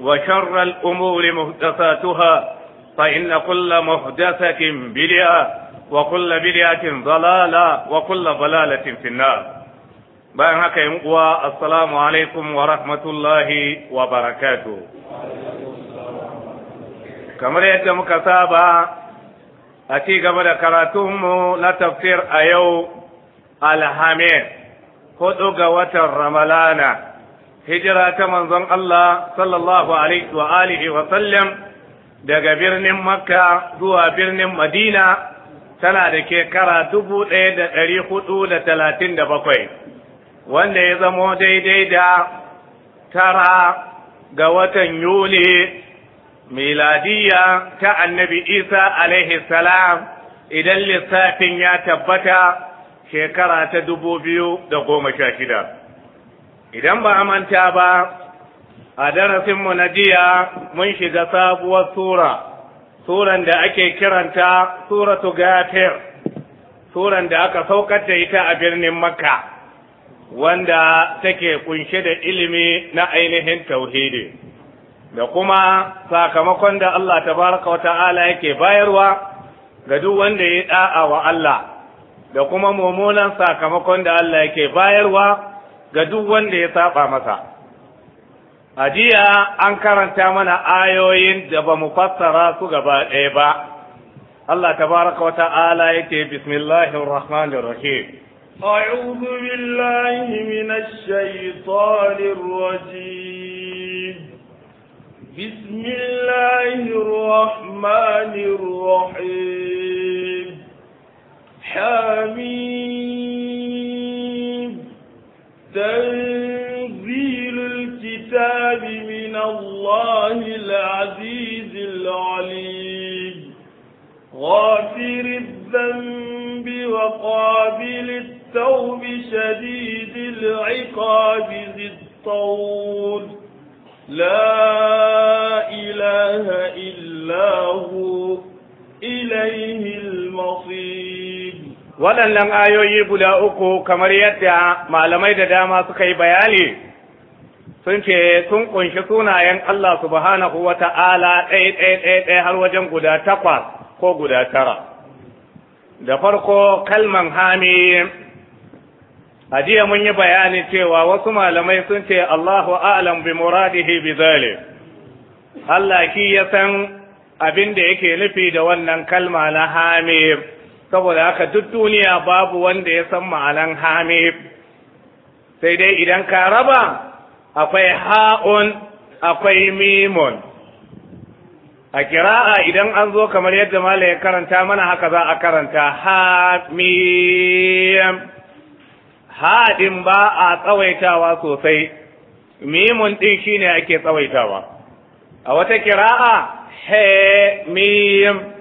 وشر الأمور محدثاتها فإن كل محدثة بدعة وكل kulla ضلالة وكل ضلالة في النار bayan haka yin uwa assalamu alaikum wa rahmatullahi wa barakatu kamar yadda muka saba a ci gaba da karatunmu na tafsir a yau alhamis huɗu ga watan ramalana hijira ta manzon Allah sallallahu alaihi wa alihi wa sallam daga birnin Makka zuwa birnin Madina tana da shekara dubu ɗaya da ɗari hudu da talatin da bakwai wanda ya zamo daidai da tara ga watan Yuli miladiya ta annabi Isa alaihi salam idan lissafin ya tabbata shekara ta dubu biyu da goma sha shida. idan ba manta ba a darasinmu na jiya mun shiga sabuwar sura suran da ake kiranta suratu gafir suran da aka saukar da ita a birnin makka wanda take kunshe da ilimi na ainihin tauhidi da kuma sakamakon da Allah tabaraka wa ta'ala yake bayarwa ga duk wanda ya da'a wa Allah da kuma mummunan sakamakon da Allah yake bayarwa ga duk wanda ya saba masa a jiya an karanta mana ayoyin da ba mu fassara su gaba ɗaya ba Allah tabaraka wa ta'ala yake bismillahir rahmanir rahim أعوذ بالله من الشيطان الرجيم بسم الله الرحمن تنزيل الكتاب من الله العزيز العليم غافر الذنب وقابل التوب شديد العقاب ذي الطول لا إله إلا هو waɗannan ayoyi guda uku kamar yadda malamai da dama suka yi bayani sun ce sun kunshi sunayen Allah subhanahu wa ta'ala ɗaya ɗaya ɗaya ɗaya har wajen guda takwas ko guda tara da farko kalman hami a jiya mun yi bayani cewa wasu malamai sun ce Allahu a'lam bi muradihi bi zale. Allah ki ya san abin da yake nufi da wannan kalma na hamim saboda haka duk duniya babu wanda ya san ma'anan hamim sai dai idan ka raba akwai ha'un akwai mimun a kira'a idan an zo kamar yadda mala ya karanta mana haka za a karanta haɗin ba a tsawaitawa sosai mimun ɗin shi ne ake tsawaitawa a wata kira'a he mim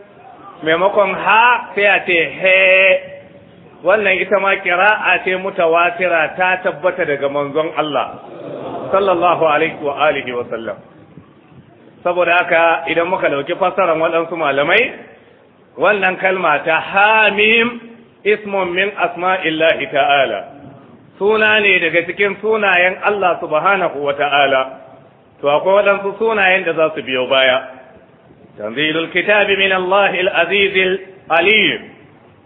maimakon ha sai a ce he wannan ita ma kira'a ce mutawatira ta tabbata daga manzon Allah sallallahu alaihi wa alihi wa sallam saboda haka idan muka dauki fassarar waɗansu malamai wannan kalma ta hamim ismun min asma'illahi ta'ala suna ne daga cikin sunayen Allah subhanahu wa ta'ala to akwai waɗansu sunayen da za su biyo baya تنزيل الكتاب من الله العزيز العليم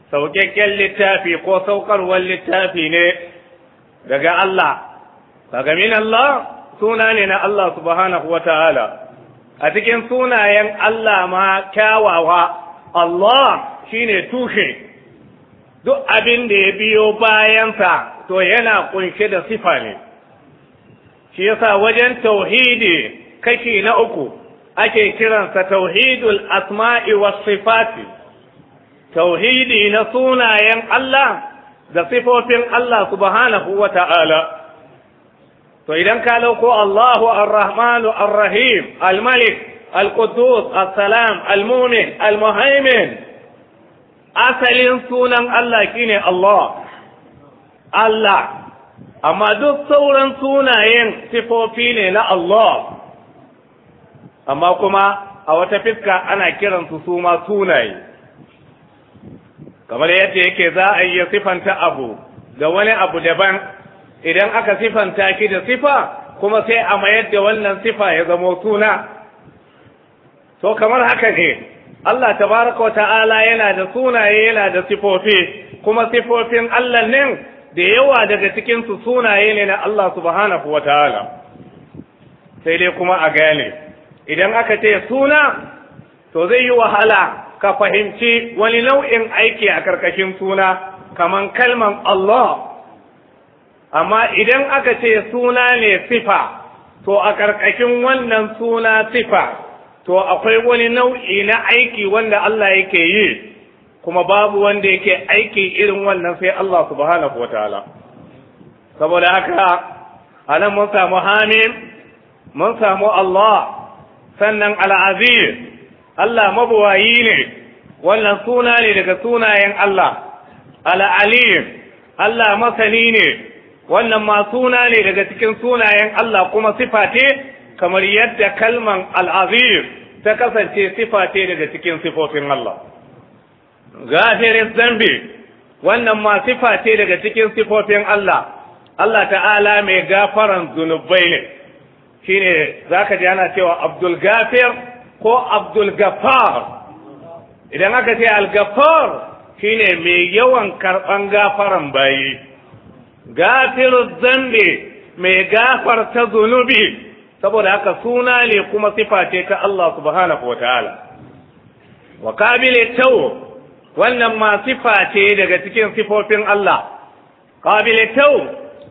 saukakken littafi ko saukarwar littafi ne daga Allah daga Allah suna ne na Allah subhanahu wa a cikin sunayen Allah ma kyawawa Allah shine tushe duk abin da ya biyo bayansa to yana kunshe da sifa ne shi yasa wajen tauhidi kashi na uku ake kiransa tauhidul asma'i was sifati tauhidi na sunayen Allah da sifofin Allah subhanahu wa ta'ala to idan ka lauko Allahu ar rahmanu ar-Rahim al-Malik al-Quddus as-Salam al-Mumin al-Muhaymin asalin sunan Allah shine Allah Allah amma duk sauran sunayen sifofi ne na Allah amma kuma a wata fiska ana kiransu su ma sunaye kamar yadda yake za a iya sifanta abu da wani abu daban idan aka sifanta ki da sifa kuma sai a mayar da wannan sifa ya zamo suna to kamar haka ne Allah tabaraka wa ta'ala yana da sunaye yana da sifofi kuma sifofin Allah ne da yawa daga cikin su sunaye ne na Allah subhanahu wa ta'ala sai dai kuma a gane idan aka ce suna to zai yi wahala ka fahimci wani nau'in aiki a karkashin suna kaman kalman Allah amma idan aka ce suna ne sifa to a karkashin wannan suna sifa to akwai wani nau'i na aiki wanda Allah yake yi kuma babu wanda yake aiki irin wannan sai Allah subhanahu wataala saboda haka anan mun samu hamim mun samu Allah sannan al'aziz Allah mabuwayi ne wannan suna ne daga sunayen Allah al'alim Allah masani ne wannan ma suna ne daga cikin sunayen Allah kuma sifate kamar yadda kalman al'aziz ta kasance sifate daga cikin sifofin Allah gafirin zambi wannan ma sifate daga cikin sifofin Allah Allah ta'ala mai gafaran zunubai ne shine zaka ji ana cewa Abdul Gafir ko Abdul Gafar idan aka ce Al Gafar shine mai yawan karban gafaran bayi gafiru zambe mai ta zunubi saboda haka suna ne kuma sifa ce ta Allah subhanahu wa ta'ala wa qabil taw wannan ma sifa daga cikin sifofin Allah qabil taw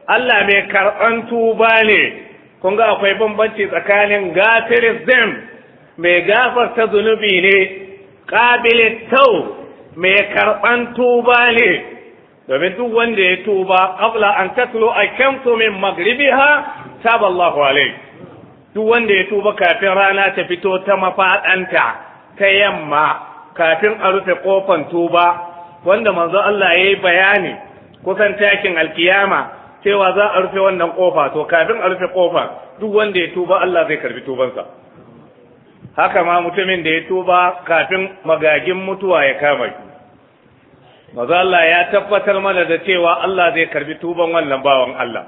Allah mai karɓan tuba ne kun ga akwai bambanci tsakanin gafirizm mai ta zunubi ne ƙabili tau mai karɓan tuba ne domin duk wanda ya tuba Abla an tatlu a kyamtu min ha sabon alai duk wanda ya tuba kafin rana ta fito ta mafaɗanta ta yamma kafin a rufe ƙofan tuba wanda manzo Allah ya yi bayani kusan takin alkiyama cewa za a rufe wannan kofa to kafin a rufe kofa duk wanda ya tuba Allah zai karbi tubansa haka ma mutumin da ya tuba kafin magagin mutuwa ya kama shi maza Allah ya tabbatar mana da cewa Allah zai karbi tuban wannan bawan Allah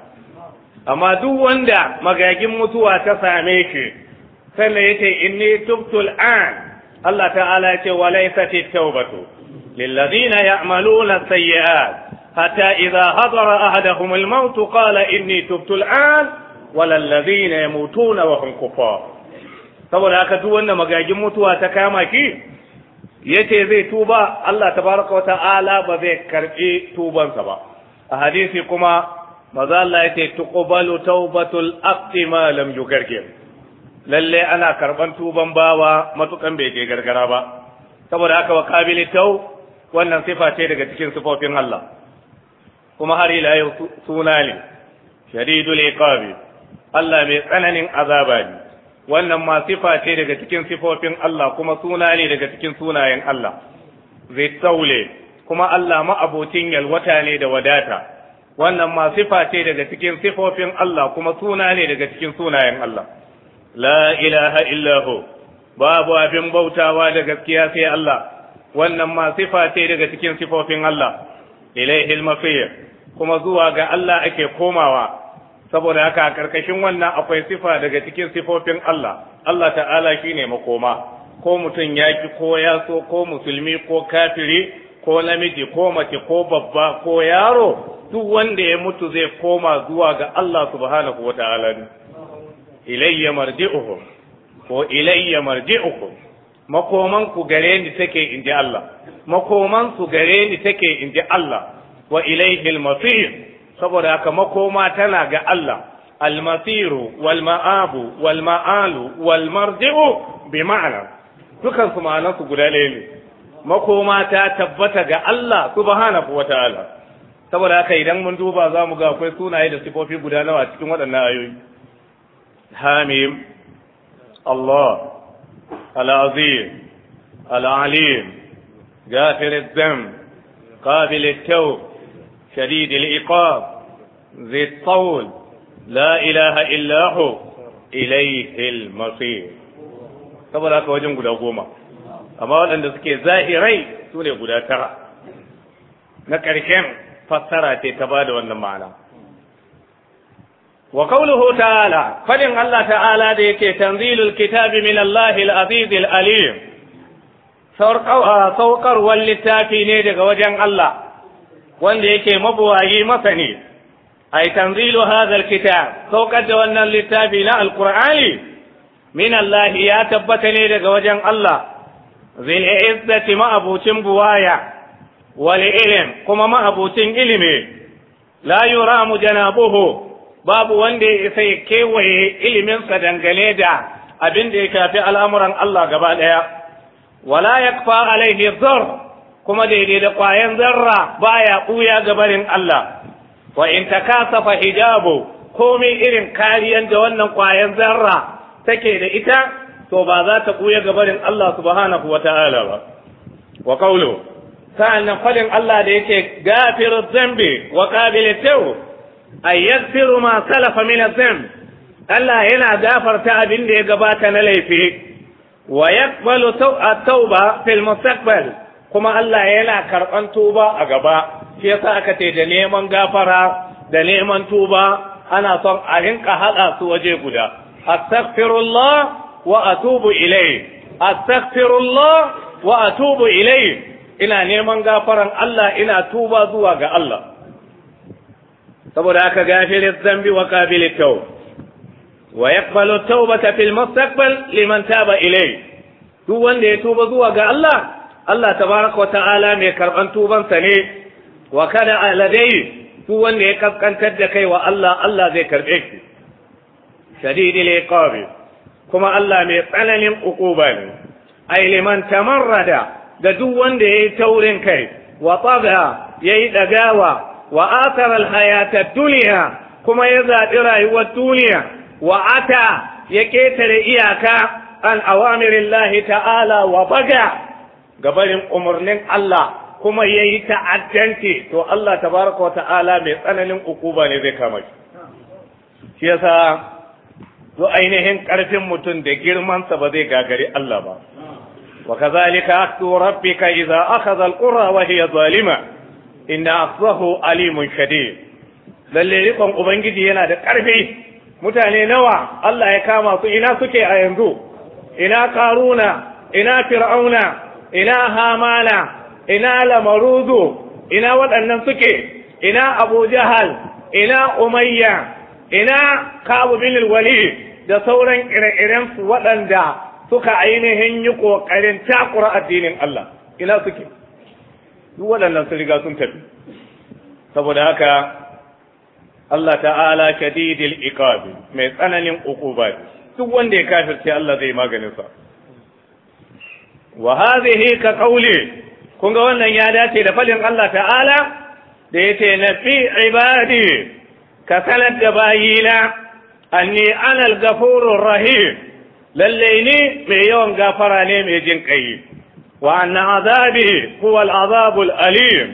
amma duk wanda magagin mutuwa ta same shi sannan yace inni tubtul an Allah ta'ala ya ce wa tawbatu lil ladina ya'maluna sayyi'at حتى إذا حضر أحدهم الموت قال إني تبت الآن ولا الذين يموتون وهم كفار saboda haka duk wannan magagin mutuwa ta kama ki yace zai tuba Allah tabaraka wa ta'ala ba zai karbi tubansa ba a hadisi kuma maza Allah yace tuqbalu tawbatul abdi ma lam yugargir lalle ana karban tuban bawa matukan bai je gargara ba saboda haka wa qabili taw wannan sifa ce daga cikin sifofin Allah kuma har ila yau suna ne shadidul iqabi Allah mai tsananin azaba ne wannan ma sifa ce daga cikin sifofin Allah kuma suna ne daga cikin sunayen Allah zai taule kuma Allah ma yalwata ne da wadata wannan ma sifa ce daga cikin sifofin Allah kuma suna ne daga cikin sunayen Allah la ilaha illahu babu abin bautawa da gaskiya sai Allah wannan ma sifa ce daga cikin sifofin Allah ilaihil masir kuma zuwa ga Allah ake komawa saboda haka a karkashin wannan akwai sifa daga cikin sifofin Allah Allah ta'ala shine makoma ko mutum ya ki ko ya so ko musulmi ko kafiri ko namiji ko mace ko babba ko yaro duk wanda ya mutu zai koma zuwa ga Allah subhanahu wa ta'ala ilayya marji'uhum ko ilayya marji'uhum makoman ku gare ni take in Allah makoman su gare ni take in Allah wa ilaihil masir saboda haka makoma tana ga Allah al-masiru, wal ma'abu wal ma'alu wal marji'u bi ma'ana dukan su ma'anan su guda ɗaya ne makoma ta tabbata ga Allah subhanahu wa ta'ala saboda haka idan mun duba za mu ga akwai sunaye da sifofi guda nawa cikin waɗannan ayoyi hamim Allah العظيم العليم غافر الذنب قابل التوب شديد العقاب ذي الطول لا إله إلا هو إليه المصير saboda haka wajen guda goma amma waɗanda suke zahirai su ne guda tara na ƙarshen fassara ce ta ba da wannan ma'ana wa qawluhu ta'ala fadin Allah ta'ala da yake tanzilul kitabi min Allahil azizil alim ah, saukarwar littafi ne daga wajen Allah wanda yake mabuwayi masani ay tanzilu hadha kitab saukar da wannan littafi na alqur'ani min Allah ya tabbata ne daga wajen Allah zil izzati ma'abucin buwaya wal ilm kuma ma'abucin ilimi la yura janabuhu. babu wanda ya isa ya kewaye iliminsa dangane da abin da ya shafi al'amuran Allah gaba ɗaya wala yakfa alaihi dhar kuma daidai da ƙwayan zarra baya ɓuya gabarin Allah wa in takasafa hijabu komai irin kariyan da wannan ƙwayan zarra take da ita to ba za ta ɓuya gabarin Allah subhanahu wa ta'ala ba wa qawlu sa'annan faɗin Allah da yake gafir zambi wa qabilu ay yaghfiru ma salafa min Allah yana gafarta abin da ya gabata na laifi wa yaqbalu at-tauba fil mustaqbal kuma Allah yana karban tuba a gaba shi yasa aka ce da neman gafara da neman tuba ana son a rinka haɗa su waje guda astaghfirullah wa atubu ilayhi astaghfirullah wa atubu ilai. ina neman gafaran Allah ina tuba zuwa ga Allah saboda haka gafirin zambi wa qabili tawb wa yaqbalu tawbata fil mustaqbal liman taba ilai duk wanda ya tuba zuwa ga Allah Allah tabaraka wa ta'ala mai karban tubansa ne wa kada aladai duk wanda ya kaskantar da kai wa Allah Allah zai karbe shi shadidil iqab kuma Allah mai tsananin uquba ne ai liman tamarrada Da duk wanda yayi taurin kai wa taga yayi dagawa wa athara alhayata kuma ya zaɓi rayuwar duniya wa ata ya ƙetare iyaka an awamirillahi ta'ala wa baga gabarin umarnin Allah kuma ya yi ta'addanci to Allah tabaraka wa ta'ala mai tsananin ukuba ne zai kama shi shi yasa to ainihin ƙarfin mutum da girmansa ba zai gagari Allah ba wa kazalika aktu rabbika idza akhadha alqura wa hiya zalima inna asbahu alimun shadid lalle rikon ubangiji yana da karfi mutane nawa Allah ya kama su ina suke a yanzu ina karuna ina fir'auna ina hamana ina lamaruzu ina waɗannan suke ina abu jahal ina umayya ina kabu bin walid da sauran ire-iren waɗanda suka ainihin yi ƙoƙarin takura addinin Allah ina suke duk waɗannan sun riga sun tafi saboda haka Allah ta'ala shadidil iqab mai tsananin uquba duk wanda ya kafirce Allah zai maganin sa wa hadhihi ka qawli kun ga wannan ya dace da falin Allah ta'ala da yace nafi ibadi ka sanar da bayina anni ana al-ghafurur rahim lalle ni mai yawan gafara ne mai jin kai wa anna azabi huwa al'azabul Ali,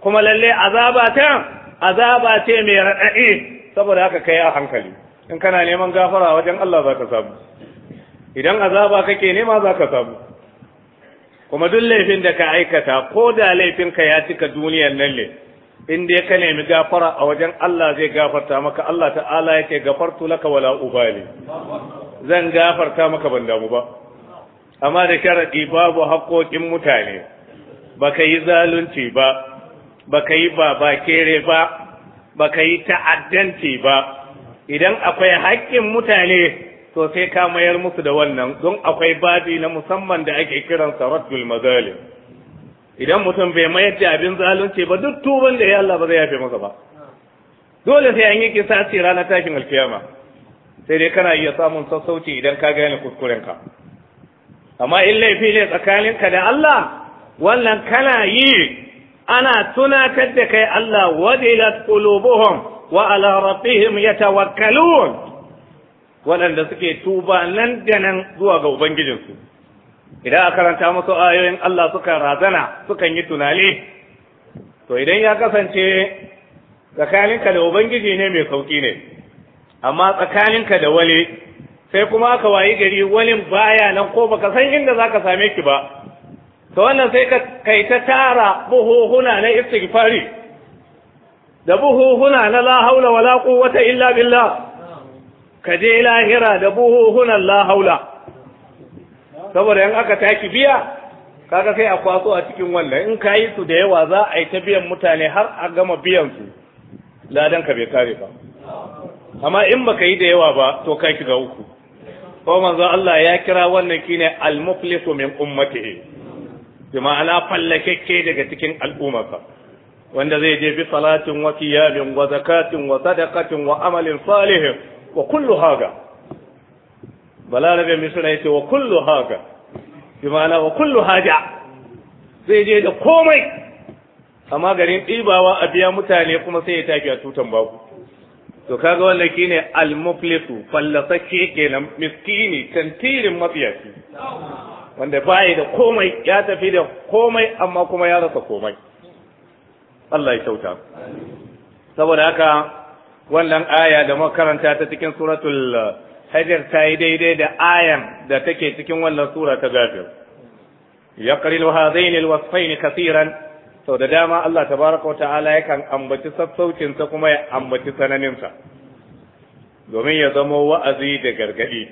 kuma lalle azaba ta mai raɗaɗi saboda haka kai a hankali in kana neman gafara wajen Allah za ka samu idan azaba kake nema za ka samu kuma duk laifin da ka aikata ko da laifinka ya cika duniyar nan ne in ya ka nemi gafara a wajen Allah zai gafarta maka Allah ta'ala yake gafartu laka wala ubali zan gafarta maka ban damu ba amma da sharadi babu haƙoƙin mutane baka yi zalunci ba baka yi baba kere ba baka yi ta'addanci ba idan akwai haƙƙin mutane to sai ka mayar musu da wannan don akwai babi na musamman da ake kiran saratul mazalim idan mutum bai mayar da abin zalunci ba duk tuban da ya Allah ba zai yafe masa ba dole sai an yi kisasi ranar tashin alkiyama sai dai kana iya samun sassauci idan ka gane kuskurenka amma in laifi ne tsakaninka da Allah wannan kana yi ana tunatar da kai Allah wadilat qulubuhum wa ala rabbihim yatawakkalun waɗanda suke tuba nan da nan zuwa ga ubangijinsu idan a karanta musu ayoyin Allah suka razana sukan yi tunani to idan ya kasance tsakaninka da ubangiji ne mai sauki ne amma tsakaninka da wani sai kuma aka wayi gari wani baya nan ko baka san inda za ka same ki ba to wannan sai ka kai ta tara buhuhuna na istighfari da buhuhuna na la haula wala quwwata illa billah ka je lahira da buhuhuna la haula saboda in aka taki biya kaga sai a kwaso a cikin wannan in kayi su da yawa za a yi ta biyan mutane har a gama biyan su ladan ka bai kare ba amma in baka yi da yawa ba to ka ga uku ko manzo Allah ya kira wannan kine al-muflisu min ummatihi bi ma'ana fallakekke daga cikin al'ummarsa wanda zai je bi salatin wa qiyamin wa zakatin wa sadaqatin wa amalin salih wa kullu haga balarabe misra yace wa kullu haga bi ma'ana wa kullu haja zai je da komai amma garin ɗibawa a biya mutane kuma sai ya tafi a tutan baku. to kaga wannan shine al-muflisu fallasacce kenan miskini tantirin mafiyaci wanda bai da komai ya tafi da komai amma kuma ya rasa komai Allah ya kyauta saboda haka wannan aya da makaranta ta cikin suratul uh, hajar ta yi daidai da ayan da take cikin wannan sura ta gafir yaqrilu hadaini al-wasfaini kaseeran sau da dama Allah ta Ta'ala ya kan ambaci sassaucinsa kuma ya ambaci sananinsa domin ya zama wa'azi da gargaɗi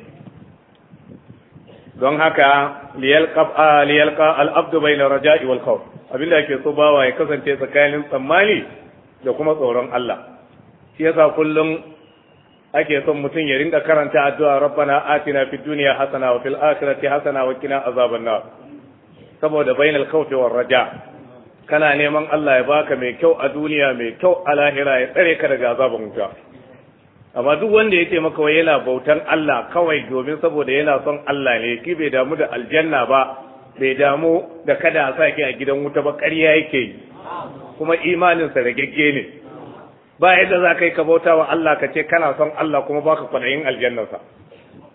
don haka liyalka al'abdu bai na raja iwal kawo abinda ake so bawa ya kasance tsakanin tsammani da kuma tsoron Allah shi yasa kullum ake son mutum ya rinka karanta addu'a rabbana atina fid duniya hasana wa fil akhirati hasana wa qina azaban nar saboda bainal khawfi war raja' kana neman Allah ya baka mai kyau a duniya mai kyau a lahira ya tsare ka daga azabin wuta amma duk wanda ya ce maka wai yana bautan Allah kawai domin saboda yana son Allah ne ki bai damu da aljanna ba bai damu da kada a sa a gidan wuta ba ƙarya yake yi kuma imaninsa ragegge ne ba yadda za ka yi ka bauta wa Allah ka ce kana son Allah kuma baka kwanayin aljannarsa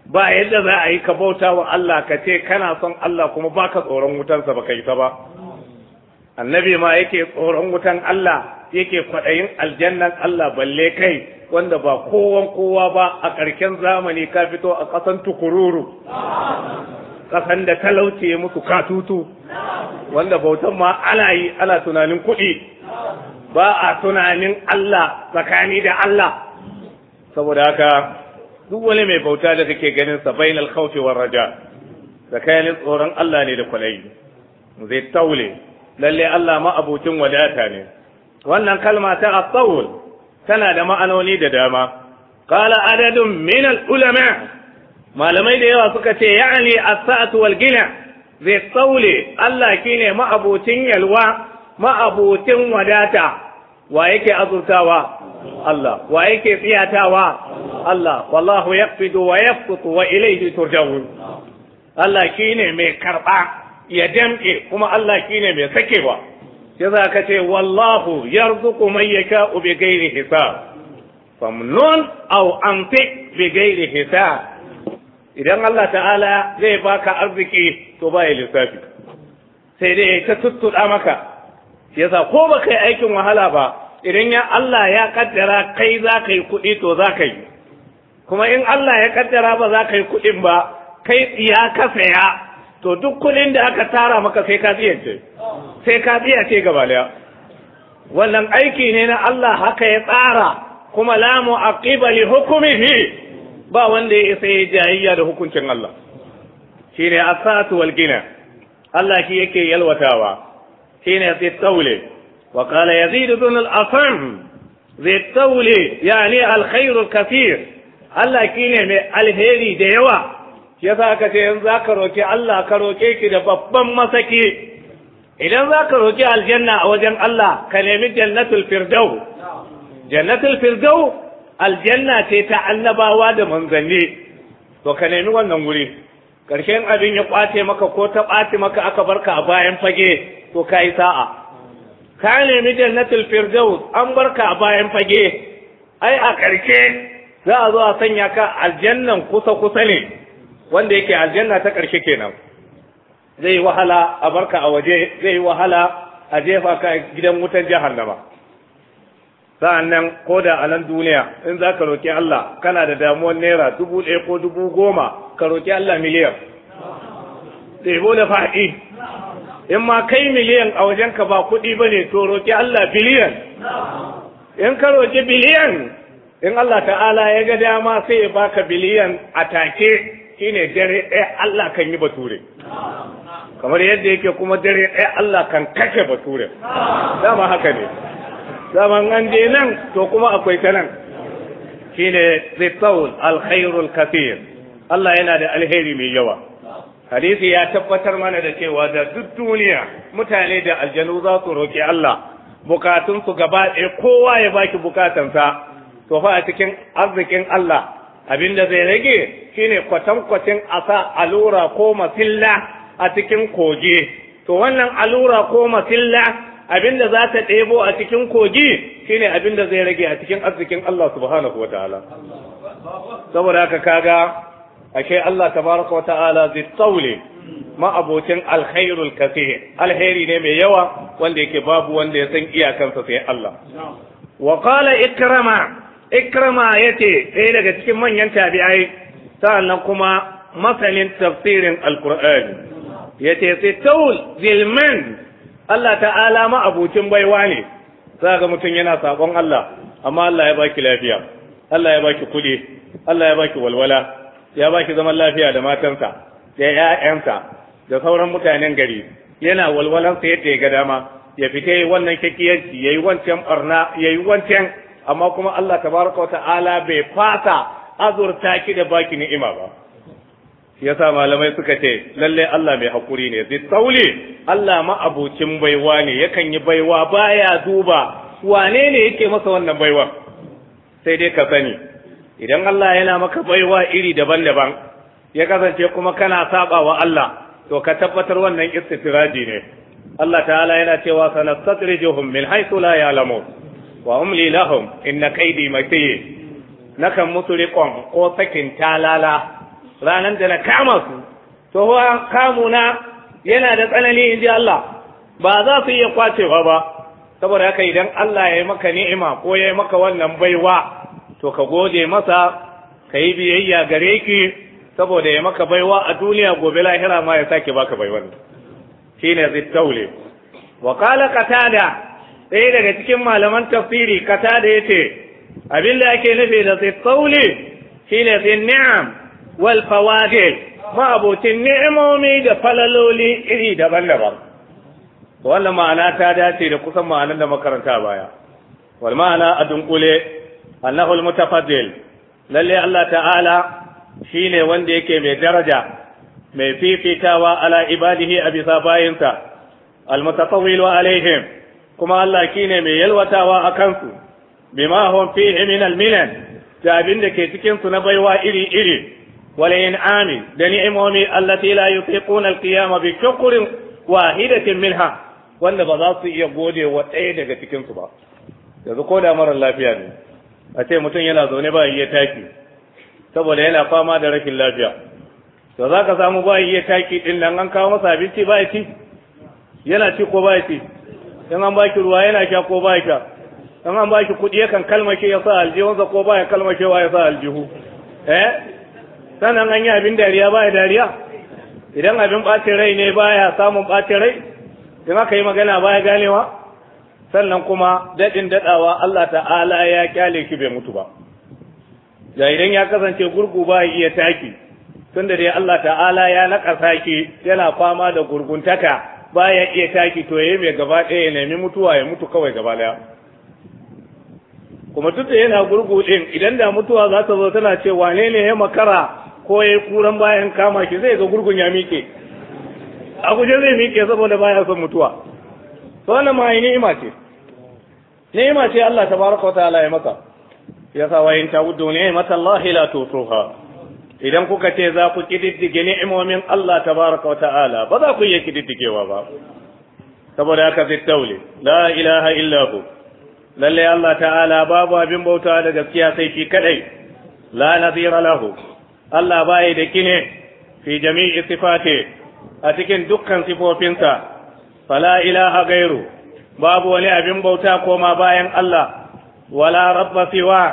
ba yadda za a yi ka bauta wa Allah ka ce kana son Allah kuma baka tsoron wutarsa ba ka yi ta ba annabi ma yake tsoron wutan Allah yake kwaɗayin aljannan Allah balle kai wanda ba kowan kowa ba a ƙarshen zamani ka fito a ƙasan tukururu ƙasan da talauce musu katutu wanda bautan ma ana yi ana tunanin kuɗi ba a tunanin Allah tsakani da Allah saboda haka duk wani mai bauta da kake ganin sa bainal khawfi war raja tsakanin tsoron Allah ne da kwalai zai taule lalle Allah ma'abucin wadata ne wannan kalma ta at tana da ma'anoni da dama qala adadun min al-ulama malamai da yawa suka ce ya'ni as-sa'atu wal gina zai tsaule Allah kine ma'abucin yalwa ma'abucin wadata wa yake azurtawa Allah wa yake tsiyatawa Allah wallahu yaqbidu wa yaqtu wa ilayhi turja'un Allah kine mai karba ya damke kuma Allah ne mai sakewa yasa ka ce wallahu yarzuqu man yasha'u bi ghairi hisab famnun aw anfiq bi ghairi hisab idan Allah ta'ala zai baka arziki to ba ya lissafi sai dai ta tuttuɗa maka yasa ko ba kai aikin wahala ba idan ya Allah ya kaddara kai za ka yi kuɗi to za ka yi kuma in Allah ya kaddara ba za ka yi kuɗin ba kai tsiya ka saya to duk kuɗin da aka tara maka sai ka tsiyance sai ka tsiyace gaba daya wannan aiki ne na Allah haka ya tsara kuma la mu'aqqiba li hukmihi ba wanda ya isa ya jayayya da hukuncin Allah shine asatu wal gina Allah shi yake yalwatawa shine tsawle wa qala yazid ibn al asam zai yani Ya ne al kafir. Allah ne mai alheri da yawa Ya za ka ce in za ka roƙi Allah ka roƙe ki da babban masaki idan za ka roƙi aljanna a wajen Allah ka nemi jannatul firdau jannatul firdau aljanna ce ta annabawa da manzanni to ka nemi wannan wuri karshen abin ya kwace maka ko ta ɓaci maka aka barka a bayan fage to ka yi sa'a ka nemi jannatul firdau an barka a bayan fage ai a ƙarshe za a zo a sanya ka aljannan kusa kusa ne wanda yake aljanna ta ƙarshe kenan zai yi wahala a barka a waje zai yi wahala a jefa ka gidan wutan jahannama sa'an nan ko da a nan duniya in za ka roƙi Allah kana da damuwar naira dubu ɗaya ko dubu goma ka roƙi Allah miliyan zai da faɗi in ma kai miliyan a wajen ka ba kuɗi ba ne to roƙi Allah biliyan in ka roƙi biliyan in Allah ta'ala ya ga dama sai ya baka biliyan a take shine dare ɗaya Allah kan yi bature kamar yadda yake kuma dare ɗaya Allah kan kashe bature dama haka ne zaman an je nan to kuma akwai ta nan shine zitaul alkhairul kafir Allah yana da alheri mai yawa hadisi ya tabbatar mana da cewa da duk duniya mutane da aljanu za su roƙi Allah bukatunsu gaba ɗaya kowa ya baki bukatansa to fa a cikin arzikin Allah abinda zai rage shine kwatankwacin a sa alura ko masilla a cikin kogi to wannan alura ko masilla abinda za ta ɗebo a cikin kogi shine abinda zai rage a cikin arzikin Allah subhanahu wataala saboda haka kaga ashe Allah tabaraka wataala zai tsaule ma'abocin alkhairul kasir alheri ne mai yawa wanda yake babu wanda ya san iyakansa sai Allah wa qala ikrama ikrama yace ɗaya daga cikin manyan tabi'ai sa'annan kuma masanin tafsirin alkur'ani ya ce sitaul zilman Allah ta'ala ma abokin baiwa ne za ga mutum yana sakon Allah amma Allah ya baki lafiya Allah ya baki kuɗi Allah ya baki walwala ya baki zaman lafiya da matansa da ƴaƴansa da sauran mutanen gari yana walwalansa yadda ya ga dama ya fita yi wannan kekiyarci ya yi wancan barna ya yi wancan amma kuma Allah tabaraka wa ta'ala bai fasa azurta ki da baki ni'ima ba shi yasa malamai suka ce lalle Allah mai hakuri ne zai sauli Allah ma abocin baiwa ne yakan yi baiwa baya duba wane ne yake masa wannan baiwa sai dai ka sani idan Allah yana maka baiwa iri daban-daban ya kasance kuma kana saba wa Allah to ka tabbatar wannan istifiraji ne Allah ta'ala yana cewa sanastadrijuhum min haythu la ya'lamun wa umli lahum inna kaydi matin Na kan mutu riƙon ko sakin talala ranar da na kama su to kamuna yana da tsanani in ji Allah ba za su iya kwacewa ba saboda haka idan Allah ya yi maka ni'ima ko ya yi maka wannan baiwa to ka gode masa ka yi biyayya gare ki saboda ya maka baiwa a duniya gobe lahira ma ya sake baka baiwan shine zittaule wa qala qatada ɗaya daga cikin malaman tafsiri qatada yace abin da ake nufi da tsittauli shine zin ni'am wal ma'abocin ni'imomi da falaloli iri daban-daban wannan ma'ana ta dace da kusan ma'anar da makaranta baya wal ma'ana a dunkule annahu mutafaddil lalle Allah ta'ala shine wanda yake mai daraja mai fifitawa ala ibadihi a bisa bayansa, al mutatawwilu alaihim kuma Allah shine mai yalwatawa akan su bima hum fihi min da abin da ke cikinsu na baiwa iri iri wal in'ami da ni'imomi allati sai yutiquna al-qiyama bi minha wanda ba za su iya gode wa ɗaya daga cikinsu ba yanzu ko da mara lafiya ne a ce mutum yana zaune ba iya taki saboda yana fama da rashin lafiya to za ka samu ba iya taki din nan an kawo masa abinci ba ci yana ci ko ba ci in an baki ruwa yana sha ko ba sha in an ba shi kuɗi yakan kalmashe ya sa wanda ko baya kalmashewa ya sa aljihu eh sannan an yi abin dariya baya dariya idan abin ɓacin rai ne baya samun ɓacin rai in aka yi magana baya ganewa sannan kuma daɗin daɗawa Allah ta'ala ya kyale shi bai mutu ba da idan ya kasance gurgu ba iya taki da dai Allah ta'ala ya naka saki yana fama da gurguntaka baya iya taki to yayi mai gaba ɗaya ya nemi mutuwa ya mutu kawai gaba ɗaya kuma duk da yana gurgu idan da mutuwa za ta zo tana ce wane ne ya makara ko ya yi kuran bayan kama shi zai ga gurgun ya miƙe a guje zai miƙe saboda baya son mutuwa to wannan ma yi ni'ima ce ni'ima ce Allah baraka wa ta'ala ya maka yasa ta in ta'uddu ni'mata Allah la ha," idan kuka ce za ku kididdige ni'imomin Allah Ta baraka wa ta'ala ba za ku iya kididdigewa ba saboda haka zai taule la ilaha illa hu Lallai Allah ta'ala babu abin bauta da gaskiya sai shi kadai la nazira lahu Allah bai da kine fi jami'i sifati a cikin dukkan sifofinsa fala ilaha gairu babu wani abin bauta koma bayan Allah wala rabba siwa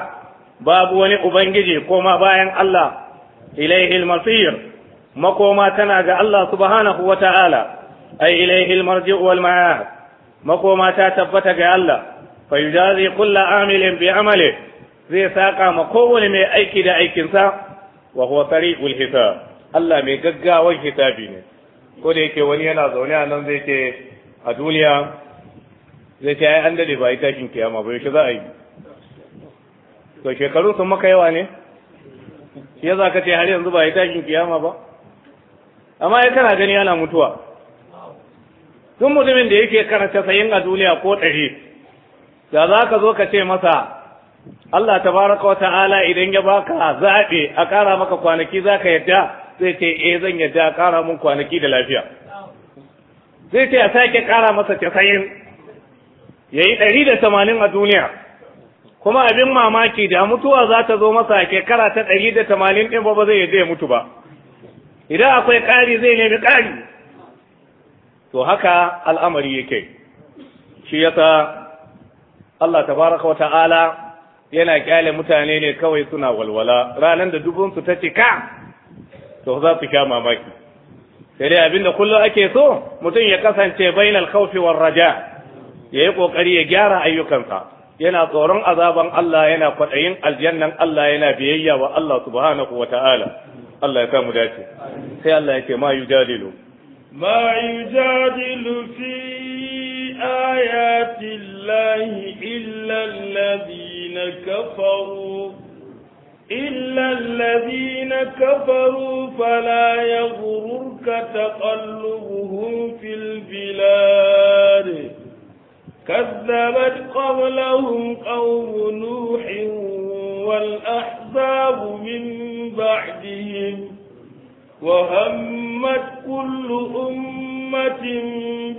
babu wani ubangiji koma bayan Allah ilaihi al-masir makoma tana ga Allah subhanahu wa ta'ala ay ilaihi al-marji'u makoma ta tabbata ga Allah fa yujazi kullu amilin bi amali zai saka ma kowane mai aiki da aikinsa wa huwa tariqul hisab Allah mai gaggawar hisabi ne ko da yake wani yana zaune a nan zai ce a duniya zai ce ai an dade ba yi tashin kiyama ba yaushe za a yi to shekaru sun maka yawa ne shi yasa za ka ce har yanzu ba yi tashin kiyama ba amma ai kana gani ana mutuwa tun mutumin da yake karanta sayin a duniya ko ɗari da za ka zo ka ce masa Allah Ta baraka wa wata'ala idan ya baka zaɓe a ƙara maka kwanaki za ka yadda zai ce eh zan yadda a ƙara mun kwanaki da lafiya zai ce a sake ƙara masa casa'in ya yi ɗari da tamanin a duniya kuma abin mamaki da mutuwa za ta zo masa a shekara ta ɗari da tamanin ɗin ba ba zai yadda ya mutu ba idan akwai ƙari zai nemi ƙari to haka al'amari yake shi yasa Allah tabaraka wata'ala yana kyale mutane ne kawai suna walwala ranar da dubunsu ta cika to za su sha mamaki sai dai abinda kullum ake so mutum ya kasance bainal khawfi war raja ya yi kokari ya gyara ayyukansa yana tsoron azaban Allah yana kwaɗayin aljannan Allah yana biyayya wa Allah subhanahu ta'ala. Allah ya kamu dace sai Allah yake ma yujadilu ما يجادل في آيات الله إلا الذين كفروا إلا الذين كفروا فلا يغررك تقلبهم في البلاد كذبت قبلهم قوم نوح والأحزاب من بعدهم وهمت كل أمة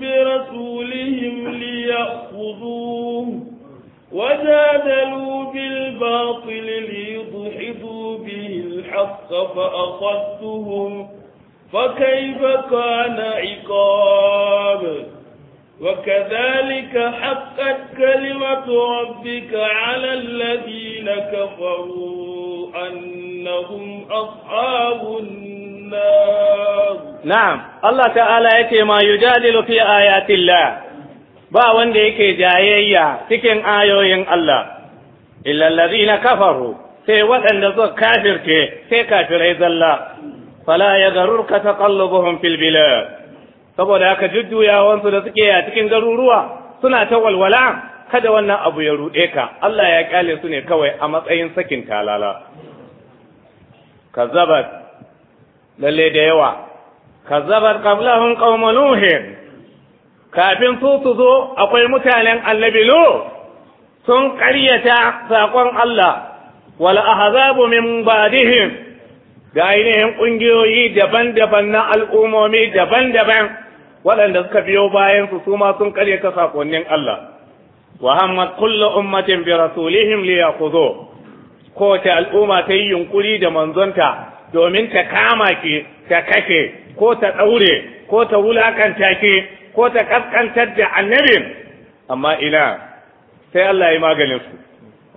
برسولهم ليأخذوه وجادلوا بالباطل ليضحضوا به الحق فأخذتهم فكيف كان عقاب وكذلك حقت كلمة ربك على الذين كفروا أنهم أصحاب النار na'am Allah ta'ala ya ce ma yi yujadilu fi ayatillah ba wanda yake jayayya cikin ayoyin Allah illa na kafaru sai waɗanda zuwa kafirke sai kafirai zalla fala ya yaghrurka taqallubuhum fil filbila saboda haka jujjuyawansu da suke a cikin garuruwa suna ta walwala kada wannan abu ya ruɗe ka Allah ya kyale su ne kawai a matsayin sakin talala kazzabat lalle da yawa kazzabat qablahum qaum nuhin kafin su su zo akwai mutanen annabi lo sun ƙaryata saƙon Allah wal ahzabu min ba'dihim da ainihin ƙungiyoyi daban-daban na al'ummomi daban-daban waɗanda suka biyo bayan su su ma sun ƙaryata sakonnin Allah wa hammat kullu ummatin bi rasulihim li yaqudhu ko ta al'umma ta yi yunkuri da manzonta domin ta kama ki ta kake, ko ta ɗaure ko ta wulakanta ki ko ta kaskantar da annabin amma ina sai Allah ya maganin su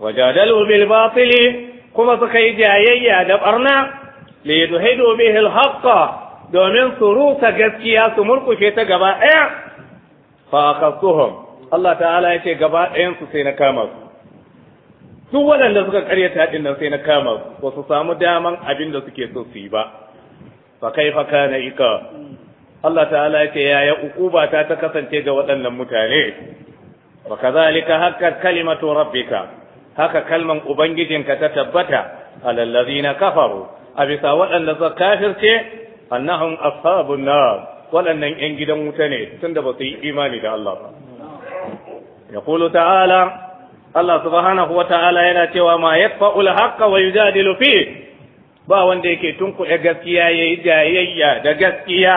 wajadalu bil batili kuma suka yi jayayya da barna li yudhidu bihi al haqqa domin su rusa gaskiya su murkushe ta gaba ɗaya fa akasuhum Allah ta'ala ya ce gaba ɗayan su sai na kama su duk waɗanda suka karyata din nan sai na kama ba su samu daman abin da suke so su yi ba fa kaifa kana ika Allah ta'ala ya ce yaya ukuba ta ta kasance ga waɗannan mutane wa kazalika hakkat kalimatu rabbika haka kalman ubangijinka ta tabbata alal ladina kafaru a bisa waɗanda suka kafirce annahum ashabun nar waɗannan 'yan gidan wuta ne tunda ba su yi imani da Allah ba yaqulu ta'ala Allah subhanahu wa ta'ala yana cewa ma yadfa'ul haqqa wa yujadilu fi ba wanda yake tunkuɗe gaskiya yayi jayayya da gaskiya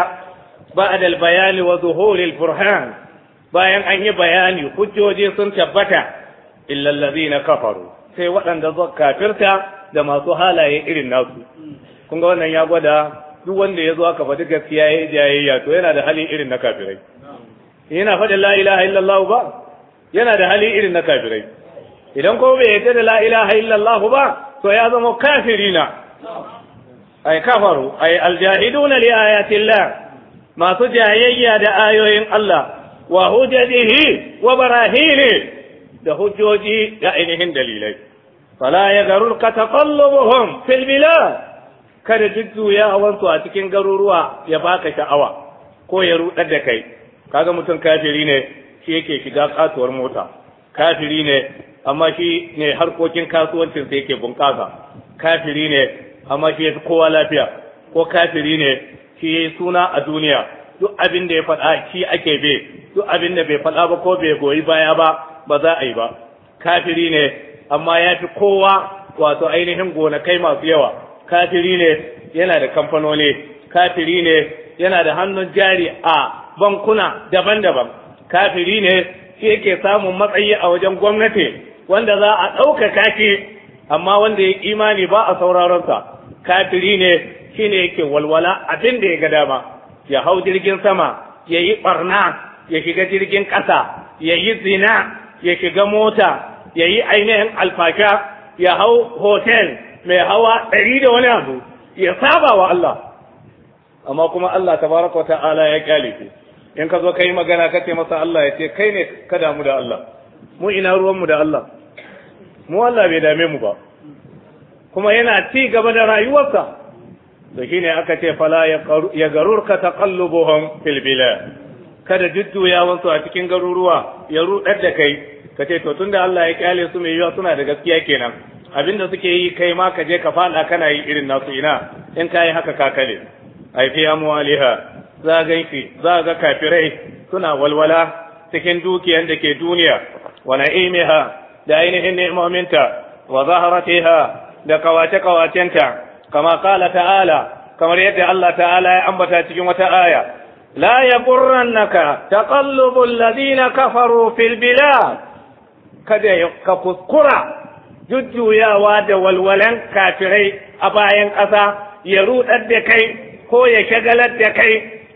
ba'da al-bayani wa zuhuril furhan bayan an yi bayani hujjoji sun tabbata illa allazina kafaru sai waɗanda zuwa kafirta da masu halaye irin nasu kun ga wannan ya gwada duk wanda ya zo aka faɗi gaskiya ya jayayya to yana da hali irin na kafirai yana faɗin la ilaha illallah ba yana da hali irin na kafirai idan ko bai yarda da la ilaha illallah ba to ya zama kafirina ay kafaru ay aljahiduna li ma masu jayayya da ayoyin Allah wa hujjatihi wa barahili da hujjoji da ainihin dalilai fala ya garur fil bilad kada ya awantu a cikin garuruwa ya baka sha'awa ko ya rudar da kai kaga mutum kafiri ne shi yake shiga katuwar mota kafiri ne amma shi ne harkokin kasuwancin sai yake bunƙasa kafiri ne amma shi yafi kowa lafiya ko kafiri ne shi suna a duniya duk abin da ya faɗa shi ake be duk abin da bai faɗa ba ko bai goyi baya ba ba za a yi ba kafiri ne amma ya fi kowa wato ainihin gonakai masu yawa kafiri ne yana da kamfanoni kafiri ne yana da hannun jari a bankuna daban-daban kafiri ne shi yake samun matsayi a wajen gwamnati wanda za a ɗaukaka shi amma wanda ya imani ba a sauraronsa kafiri ne shine yake walwala abin da ya ga dama ya hau jirgin sama ya yi ɓarna ya shiga jirgin ƙasa ya yi zina ya shiga mota ya yi ainihin alfasha ya hau hotel mai hawa ɗari da wani abu ya saba wa Allah amma kuma Allah tabaraka wa ta'ala ya kyale in ka zo ka yi magana ka ce masa Allah ya ce kai ne ka damu da Allah mu ina ruwanmu da Allah mu Allah bai dame mu ba kuma yana ci gaba da rayuwarsa da shine aka ce fala ya garurka taqallubuhum fil bilad kada ya wasu a cikin garuruwa ya rudar da kai ka ce to tunda Allah ya kyale su mai yiwa suna da gaskiya kenan Abin da suke yi kai ma ka je ka fada kana yi irin nasu ina in kai haka ka kale ai fi za ga za ga kafirai suna walwala cikin dukiyar da ke duniya wa na'imaha da ainihin ni'imominta wa zaharatiha da kawace kawacenta kama qala ta'ala kamar yadda Allah ta'ala ya ambata cikin wata aya la yaqurrannaka taqallubul ladina kafaru fil bilad kada ka kuskura jujjuyawa da walwalan kafirai a bayan ƙasa ya rudar da kai ko ya shagalar da kai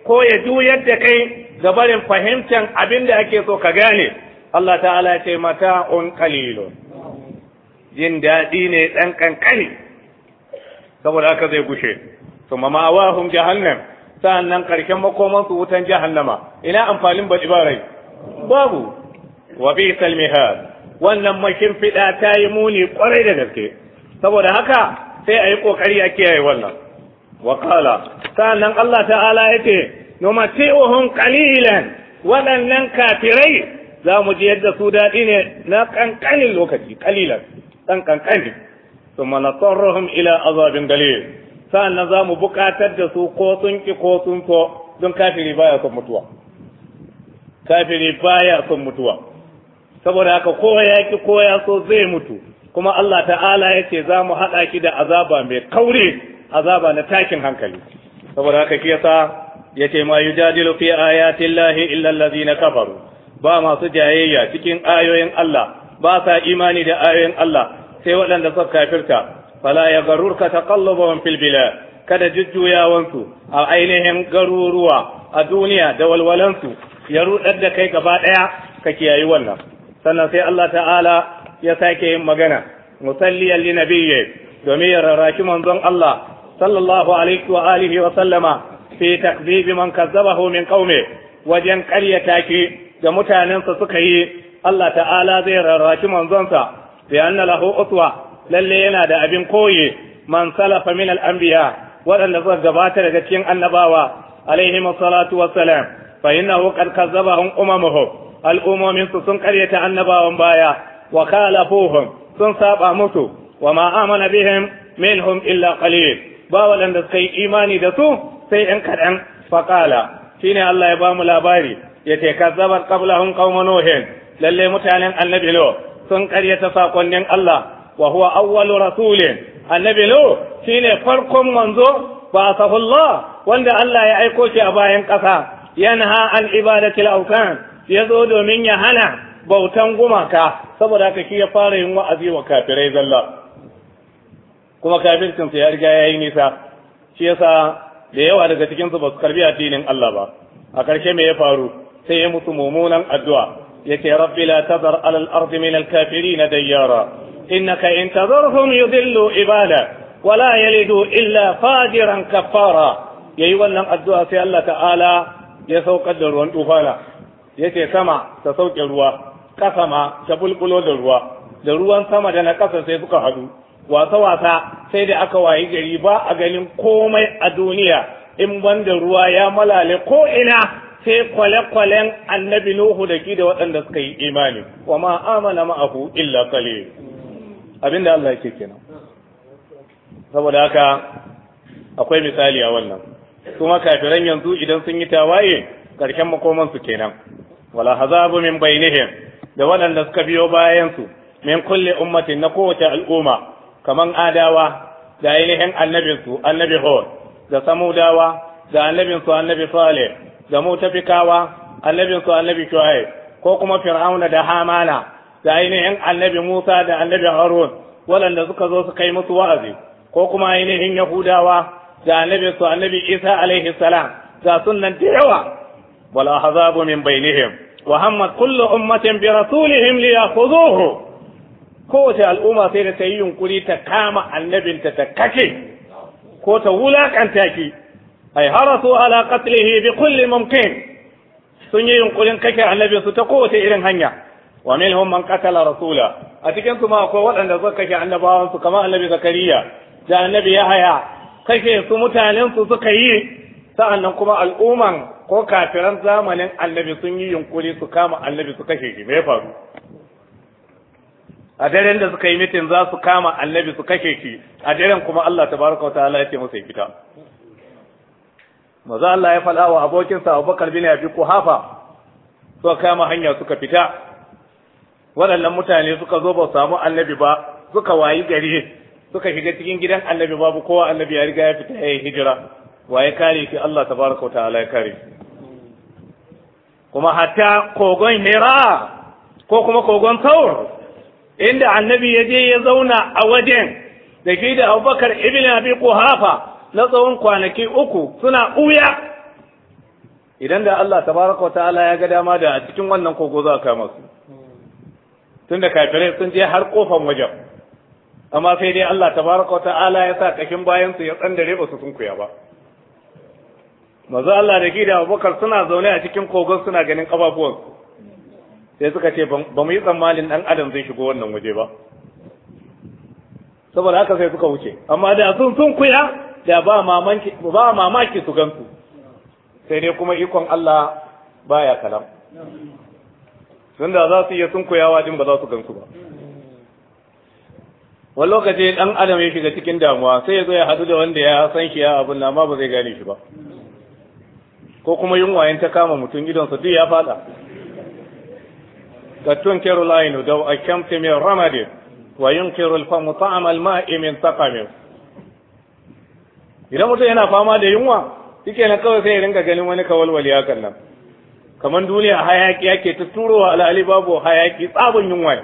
ko ya juyar da kai ga barin fahimtar abin da ake so ka gane Allah ta'ala ce mata'un qalilun jin daɗi ne ɗan ƙanƙani saboda haka zai gushe thumma ma'awahum jahannam sa'annan ƙarshen makoman su wutan jahannama ina amfanin baɗi babu wa salmi ha wannan fiɗa ta yi muni ƙwarai da gaske saboda haka sai a yi ƙoƙari a kiyaye wannan wa sa'annan Allah ta'ala ya ce numatihum ƙalilan. waɗannan kafirai za mu ji yadda su daɗi ne na ƙanƙanin lokaci ƙalilan ɗan ƙanƙani su manasorrahun ila azabin Sa'an nan za mu buƙatar da su ko sun ƙi ko sun so don kafiri baya son mutuwa kafiri baya son mutuwa saboda haka ko ya ƙi ko ya so zai mutu kuma Allah ta'ala ya ce za mu haɗa ki da azaba mai kauri azaba na takin hankali saboda haka shi yasa ya ce ma yujadilu fi ayati lahi illa allazina kafaru ba masu jayayya cikin ayoyin Allah ba sa imani da ayoyin Allah sai waɗanda suka kafirta fala ya garurka taqallubahum fil bilad kada jujjuyawansu a ainihin garuruwa a duniya da walwalansu ya rudar da kai gaba ɗaya ka kiyayi wannan sannan sai Allah ta'ala ya sake yin magana musalliyan li nabiyyi domin ya rarraki manzon Allah sallallahu alaihi wa alihi wa sallama fi takzibi man kazzabahu min qaumi wajen karya ki da mutanensa suka yi Allah ta'ala zai rarraki manzonsa bi anna lahu uswa lalle yana da abin koyi man salafa min al-anbiya waɗanda suka gabata daga cikin annabawa alaihi salatu wassalam fa innahu qad kazzabahum umamuhum al-umumin su sun karyata annabawan baya wa khalafuhum sun saba musu wa ma amana bihim minhum illa qalil ba waɗanda suka yi imani da su sai ɗan kaɗan faƙala shine Allah ya bamu labari yace kazzabat qablahum qaum nuhin lalle mutanen annabi lo sun karyata sakonnin Allah wa huwa awwalu rasulin annabi lo shine farkon manzo ba sahullah wanda Allah ya aiko shi a bayan kasa yanha an ibadati al ya yazo domin ya hana bautan gumaka saboda haka shi ya fara yin wa'azi wa kafirai zalla kuma kafircin ya riga yayi nisa shi yasa da yawa daga cikin su ba su karbi addinin Allah ba a ƙarshe me ya faru sai ya mutu mummunan addu'a yake rabbi la tadar alal ardi min alkafirin dayyara innaka in tadarhum yudillu ibada wala yalidu illa fajiran kaffara yayi wannan addu'a sai Allah ta'ala ya saukar da ruwan tufana yake sama ta sauke ruwa ƙasa ma ta bulbulo da ruwa da ruwan sama da na ƙasa sai suka hadu wasa wasa sai da aka wayi gari ba a ganin komai a duniya in ban da ruwa ya malale ko ina sai kwale-kwalen annabi Nuhu da ki da waɗanda suka yi imani wa ma amana ma'ahu illa abin da Allah ke kenan saboda haka akwai misali a wannan kuma kafiran yanzu idan sun yi tawaye ƙarshen makoman su kenan wala hazabu min bainihim da waɗanda suka biyo bayan su min kulle ummatin na kowace al'umma kamar adawa da ainihin annabinsu annabi hor da samudawa da annabinsu annabi salih da kawa, annabin su annabi shu'aib ko kuma fir'auna da hamana da ainihin annabi musa da annabi harun waɗanda suka zo su kai musu wa'azi ko kuma ainihin yahudawa da annabi su annabi isa alaihi salam ga sunan da yawa wala hazabu min bainihim wa hammat kullu ummatin bi rasulihim li ya'khudhuhu kowace al'umma sai da ta yi yunkuri ta kama annabinta ta kake ko ta wulakanta ki ai harasu ala qatlihi bi kulli mumkin sun yi yunkurin kake annabin su ta kowace irin hanya wa minhum man qatala rasula a cikin su ma akwai waɗanda suka kake annabawan su kamar annabi zakariya da annabi yahaya kake su mutanen su suka yi sa'annan kuma al'umman ko kafiran zamanin annabi sun yi yunkuri su kama annabi su kashe shi me faru a daren da suka yi mitin za su kama annabi su kashe shi a daren kuma Allah tabaraka wa ta'ala ya ce musu fita maza Allah ya faɗa wa abokinsa Abubakar bin Abi Kuhafa suka kama hanya suka fita waɗannan mutane suka zo ba samu annabi ba suka wayi gari suka shiga cikin gidan annabi babu kowa annabi ya riga ya fita ya yi hijira wa ya kare shi Allah tabaraka wa ta'ala ya kare kuma hatta kogon Hira ko kuma kogon Thawr inda annabi ya je ya zauna a wajen da shi da Abubakar ibn Abi kuhafa na tsawon kwanaki uku suna ɓuya idan da Allah tabaraka wa ta'ala ya ga dama da a cikin wannan kogo za a kama su tun da kafirai sun je har kofan wajen amma sai dai Allah tabaraka wa ta'ala ya sa kashin bayan su ya tsandare ba su kuya ba manzo Allah da gida Abubakar suna zaune a cikin kogon suna ganin kafafuwan sai suka ce ba mu yi tsammanin dan adam zai shigo wannan waje ba saboda haka sai suka wuce amma da sun kuya da ba mamaki ba mamaki su gansu, sai dai kuma ikon Allah baya kalam sun da za su iya sunkuyawa din ba za su gansu ba wani lokaci dan adam ya shiga cikin damuwa sai ya zo ya hadu da wanda ya san shi ya abin amma ba zai gane shi ba ko kuma yunwayen ta kama mutum idonsa duk ya fada Kero caroline da a kyamfe mai ramadi wa yin kero famu ta'amal ma'i min idan mutum yana fama da yunwa shike nan kawai sai ya rinka ganin wani kawalwali ya kallon kamar duniya hayaki yake ta turowa al'ali babu hayaki tsabin yunwa ne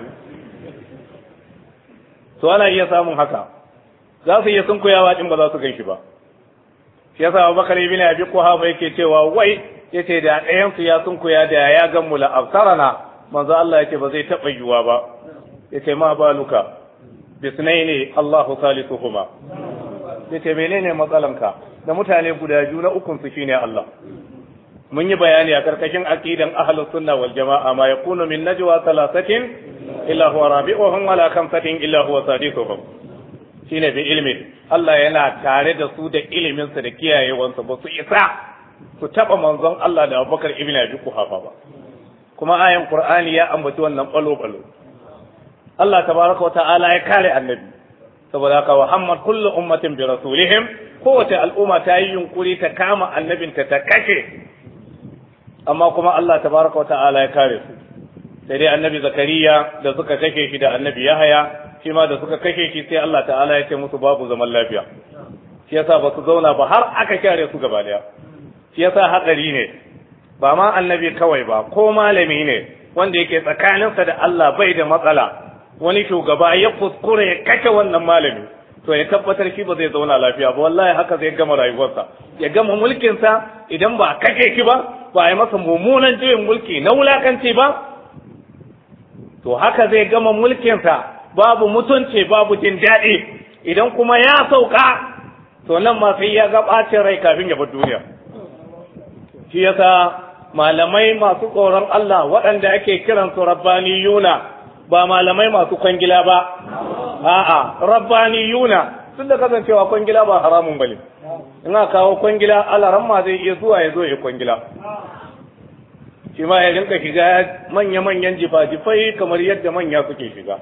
to ana iya samun haka za su iya sun koyawa din ba za su ba. shi ba shi yasa Abubakar ibn Abi Quhafa yake cewa wai yace da ɗayan su ya sun koya da ya gan mu la manzo Allah yake ba zai taba yiwa ba yace ma baluka bisnaini Allahu salisuhuma yace menene matsalanka da mutane guda biyu na ukun su shine Allah mun yi bayani a karkashin aqidan ahlus sunna wal jamaa ma yakunu min najwa thalathatin illa huwa rabi'uhum wala khamsatin illa huwa sadiquhum shine bi ilmi Allah yana tare da su da ilimin sa da kiyayewansa ba su isa su taba manzon Allah da Abubakar ibn Abi Quhafa ba kuma ayan Qur'ani ya ambaci wannan balo balo Allah tabaraka wa ta'ala ya kare annabi saboda haka wa hammat kullu ummatin bi rasulihim kowace al'umma ta yi yunkuri ta kama annabinta ta kashe amma kuma Allah tabaraka wa ta'ala ya kare su sai dai annabi zakariya da suka kashe shi da annabi yahaya shi ma da suka kashe shi sai Allah ta'ala ya ce musu babu zaman lafiya shi yasa ba su zauna ba har aka kare su gaba daya shi yasa hadari ne ba ma annabi kawai ba ko malami ne wanda yake tsakaninsa da Allah bai da matsala wani shugaba ya kuskure ya kashe wannan malami to ya tabbatar shi ba zai zauna lafiya ba wallahi haka zai gama rayuwarsa ya gama mulkinsa idan ba kashe ki ba ba a yi masa mummunan juyin mulki na wulakanci ba to haka zai gama mulkinsa babu mutunci babu jin daɗi idan kuma ya sauka to nan ma sai ya ga ɓacin rai kafin ya bar duniya shi yasa malamai masu tsoron Allah waɗanda ake kiransu rabbaniyuna ba malamai masu kwangila ba a'a rabbaniyuna tun da kasancewa kwangila ba haramun bane ina kawo kwangila ma zai iya zuwa ya zo ya kwangila shi ma ya rinka shiga manya-manyan jifa-jifai kamar yadda manya suke shiga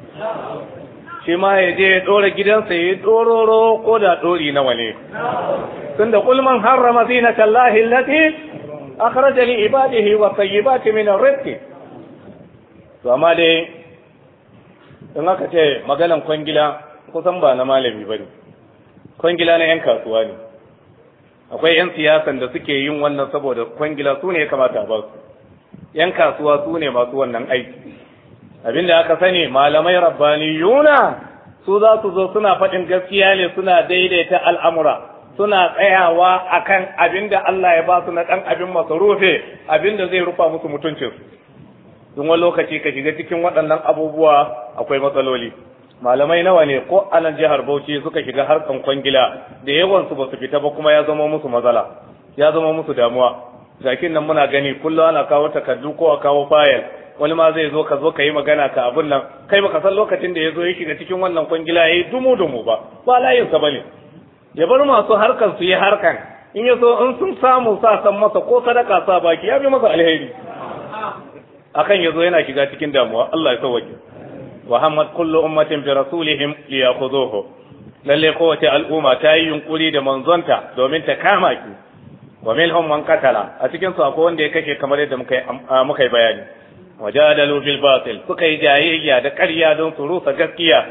shi ma ya je ya gidansa ya ɗororo ko da ɗori nawa ne da kulman harrama zinata Allah allati akhrajani ibadihi wa tayyibati min ar-rizq to amma dai Don haka ce maganan kwangila kusan ba na malami ba ne kwangila na 'yan kasuwa ne akwai 'yan siyasan da suke yin wannan saboda kwangila su ne kamata ba su 'yan kasuwa su ne masu wannan aiki abinda aka sani malamai yuna su za su zo suna faɗin gaskiya ne suna daidaita al'amura suna tsayawa akan abinda Allah ya ba su na ɗan abin masarufe abinda zai rufa musu mutuncin in wani lokaci ka shiga cikin waɗannan abubuwa akwai matsaloli malamai nawa ne ko a nan jihar Bauchi suka shiga harkan kwangila da yawan su ba su fita ba kuma ya zama musu matsala ya zama musu damuwa jakin nan muna gani kullum ana kawo takardu ko a kawo fayil wani ma zai zo ka zo ka yi magana ka abun nan kai baka san lokacin da ya zo ya shiga cikin wannan kwangila ya yi dumu dumu ba ba layinsa ba ne ya bar masu harkan su yi harkan in ya so in sun samu sa san masa ko sadaka sa baki ya fi masa alheri akan yazo yana shiga cikin damuwa Allah ya sauke wa hammat kullu ummatin bi rasulihim li ya'khudhuhu lalle kowace al'umma ta yi yunkuri da manzonta domin ta kama ki wa minhum man qatala a cikin su akwai wanda ya kashe kamar yadda muka muka bayani wajadalu bil batil suka yi jayayya da ƙarya don su rusa gaskiya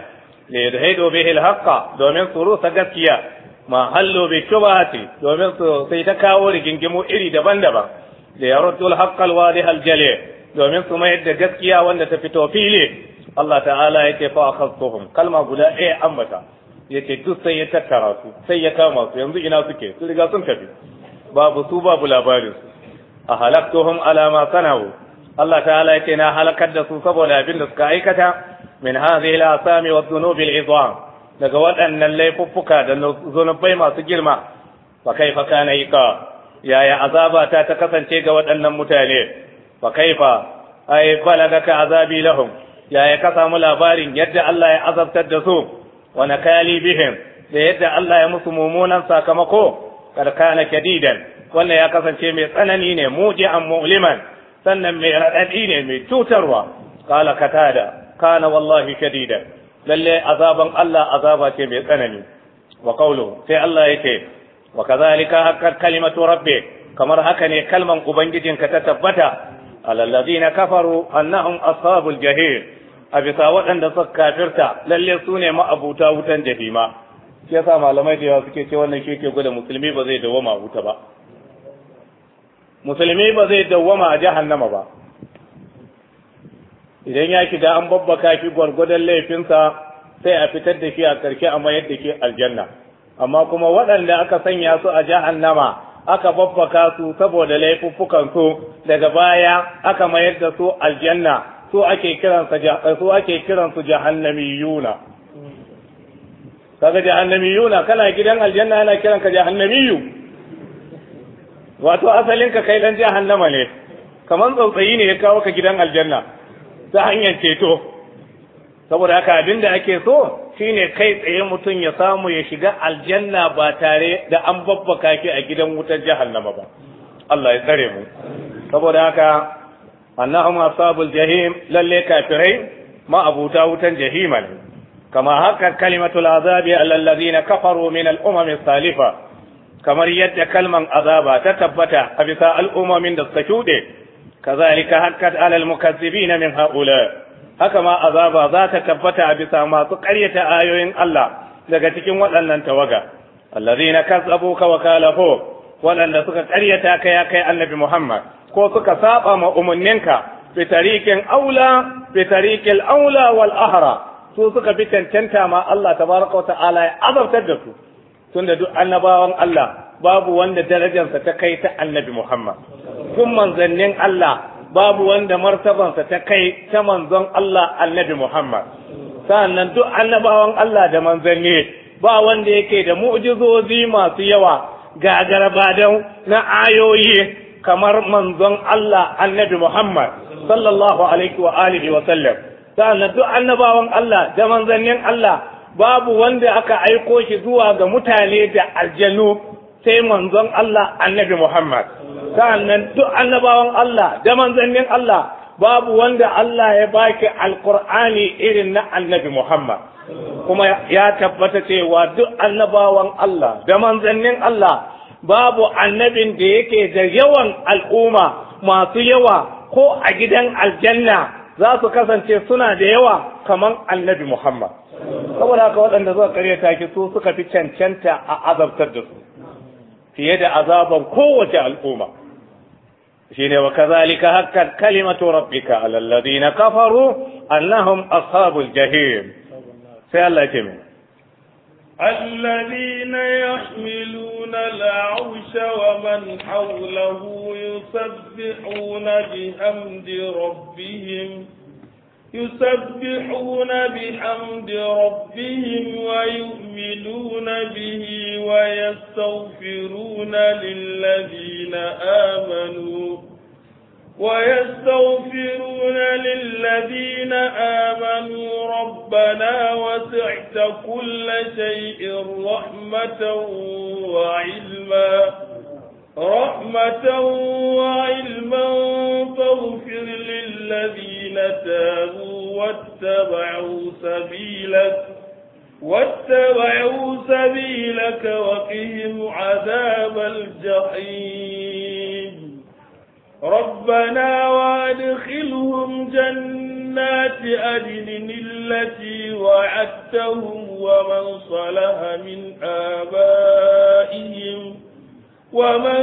da yadhidu bihi al domin su rusa gaskiya ma hallo bi shubahati domin su sai ta kawo rigingimu iri daban-daban da ya rutu haqqal wadih al domin su mayar da gaskiya wanda ta fito fili Allah ta'ala yake fa akhadtuhum kalma guda ɗaya ambata yace duk sai ya tattara su sai ya kama su yanzu ina suke su riga sun tafi babu su babu labarin su a halaktuhum ala ma sana'u Allah ta'ala yake na halakar da su saboda abin da suka aikata min hadhihi al-asami wa dhunubi al-idham daga waɗannan laifuffuka da zunubai masu girma fa kaifa kana yaya azaba ta ta kasance ga waɗannan mutane fa kaifa ay balagaka azabi lahum ya ka samu labarin yadda Allah ya azabtar da su wa nakali bihim da yadda Allah ya musu mummunan sakamako karkana kadidan wannan ya kasance mai tsanani ne muji'an mu'liman sannan mai raɗaɗi ne mai cutarwa qala katada kana wallahi kadidan lalle azaban Allah azaba ce mai tsanani wa qawlu sai Allah yake wa kadhalika haqqat kalimatu rabbi kamar haka ne kalman ubangijinka ta tabbata alalladina kafaru annahum ashabul jahim a bisa waɗanda suka kafirta lalle sune ne ma'abuta wutan jahima shi yasa malamai da yawa suke ce wannan keke gwada musulmi ba zai dawwama wuta ba musulmi ba zai dawwama a jahannama ba idan ya kida an babbaka shi gwargwadon laifinsa sai a fitar da shi a ƙarshe amma yadda ke aljanna amma kuma waɗanda aka sanya su a jahannama aka babbaka su saboda laifuffukan su daga baya aka mayar da su aljanna su ake kiransa su ake kiransu jahannamiyuna kaga jahannamiyuna kana gidan aljanna ana kiranka jahannamiyu wato asalin ka kai dan jahannama ne kaman tsautsayi ne ya kawo ka gidan aljanna ta hanyar ceto saboda haka abinda ake so shine kai tsaye mutum ya samu ya shiga aljanna ba tare da an babbaka ki a gidan wutar jahannama ba Allah ya tsare mu saboda haka annahum ashabul jahim lalle kafirai ma abuta wutan jahima ne kama haka kalimatul azabi alal ladina kafaru min al umam salifa kamar yadda kalman azaba ta tabbata a bisa al'ummomin da suka shuɗe kazalika hakkat alal mukazzibina min haula haka ma azaba za ta tabbata a bisa masu ƙaryata ayoyin Allah daga cikin waɗannan tawaga allazina ka wa kalafu waɗanda suka ƙaryata ka ya kai annabi Muhammad ko suka saba ma umunninka bi aula aula wal ahra su suka bi tantanta ma Allah tabaraka wa ta'ala ya azabtar da su tunda duk annabawan Allah babu wanda darajarsa ta kai ta annabi Muhammad kun manzannin Allah babu wanda martabansa ta kai ta manzon Allah annabi Muhammad sannan duk annabawan Allah da manzanni ba wanda yake da mu'jizozi masu yawa ga dan na ayoyi kamar manzon Allah annabi Muhammad sallallahu alaihi wa alihi wa sallam sannan duk annabawan Allah da manzannin Allah babu wanda aka aiko shi zuwa ga mutane da aljanu sai manzon Allah annabi Muhammad sa'annan duk annabawan Allah da manzannin Allah babu wanda Allah ya baki alkur'ani irin na annabi Muhammad kuma ya tabbata cewa duk annabawan Allah da manzannin Allah babu annabin da yake da yawan al'umma masu yawa ko a gidan aljanna za su kasance suna da yawa kamar annabi Muhammad saboda haka waɗanda zuwa karyata ki su suka fi cancanta a azabtar da su fiye da azaban kowace al'umma shi ne wa kazalika hakkat kalimatu rabbika alal ladina kafaru annahum ashabul jahim sai Allah ya ce mai الذين يحملون العرش ومن حوله يسبحون بحمد ربهم يسبحون بحمد ربهم ويؤمنون به ويستغفرون للذين آمنوا ويستغفرون للذين آمنوا ربنا وسعت كل شيء رحمة وعلما رحمة وعلما فاغفر للذين تابوا واتبعوا سبيلك واتبعوا سبيلك وقهم عذاب الجحيم ربنا وادخلهم جنات أدن التي وعدتهم ومن صلح من آبائهم ومن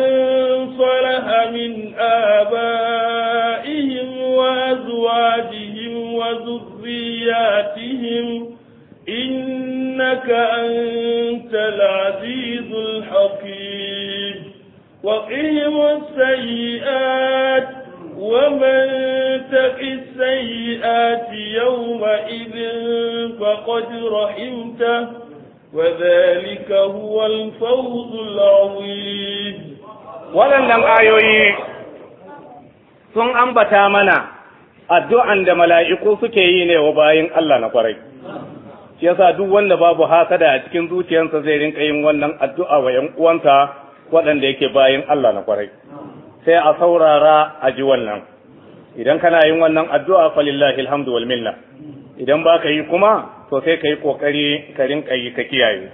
صلح من آبائهم وأزواجهم وذرياتهم إنك أنت العزيز الحكيم وقهم السيئات ومن تق السيئات يومئذ فقد رحمته وذلك هو الفوز العظيم waɗannan ayoyi sun ambata mana addu'an da mala'iku suke yi ne wa bayin Allah na kwarai. Shi yasa duk wanda babu hasada a cikin zuciyarsa zai rinka yin wannan addu'a wa ‘yan uwansa waɗanda yake bayin Allah na kwarai. Sai a saurara a ji wannan. Idan kana yin wannan addu'a falillahi alhamdu wal minna. Idan ba ka yi kuma to sai ka yi ƙoƙari ka rinka yi ka kiyaye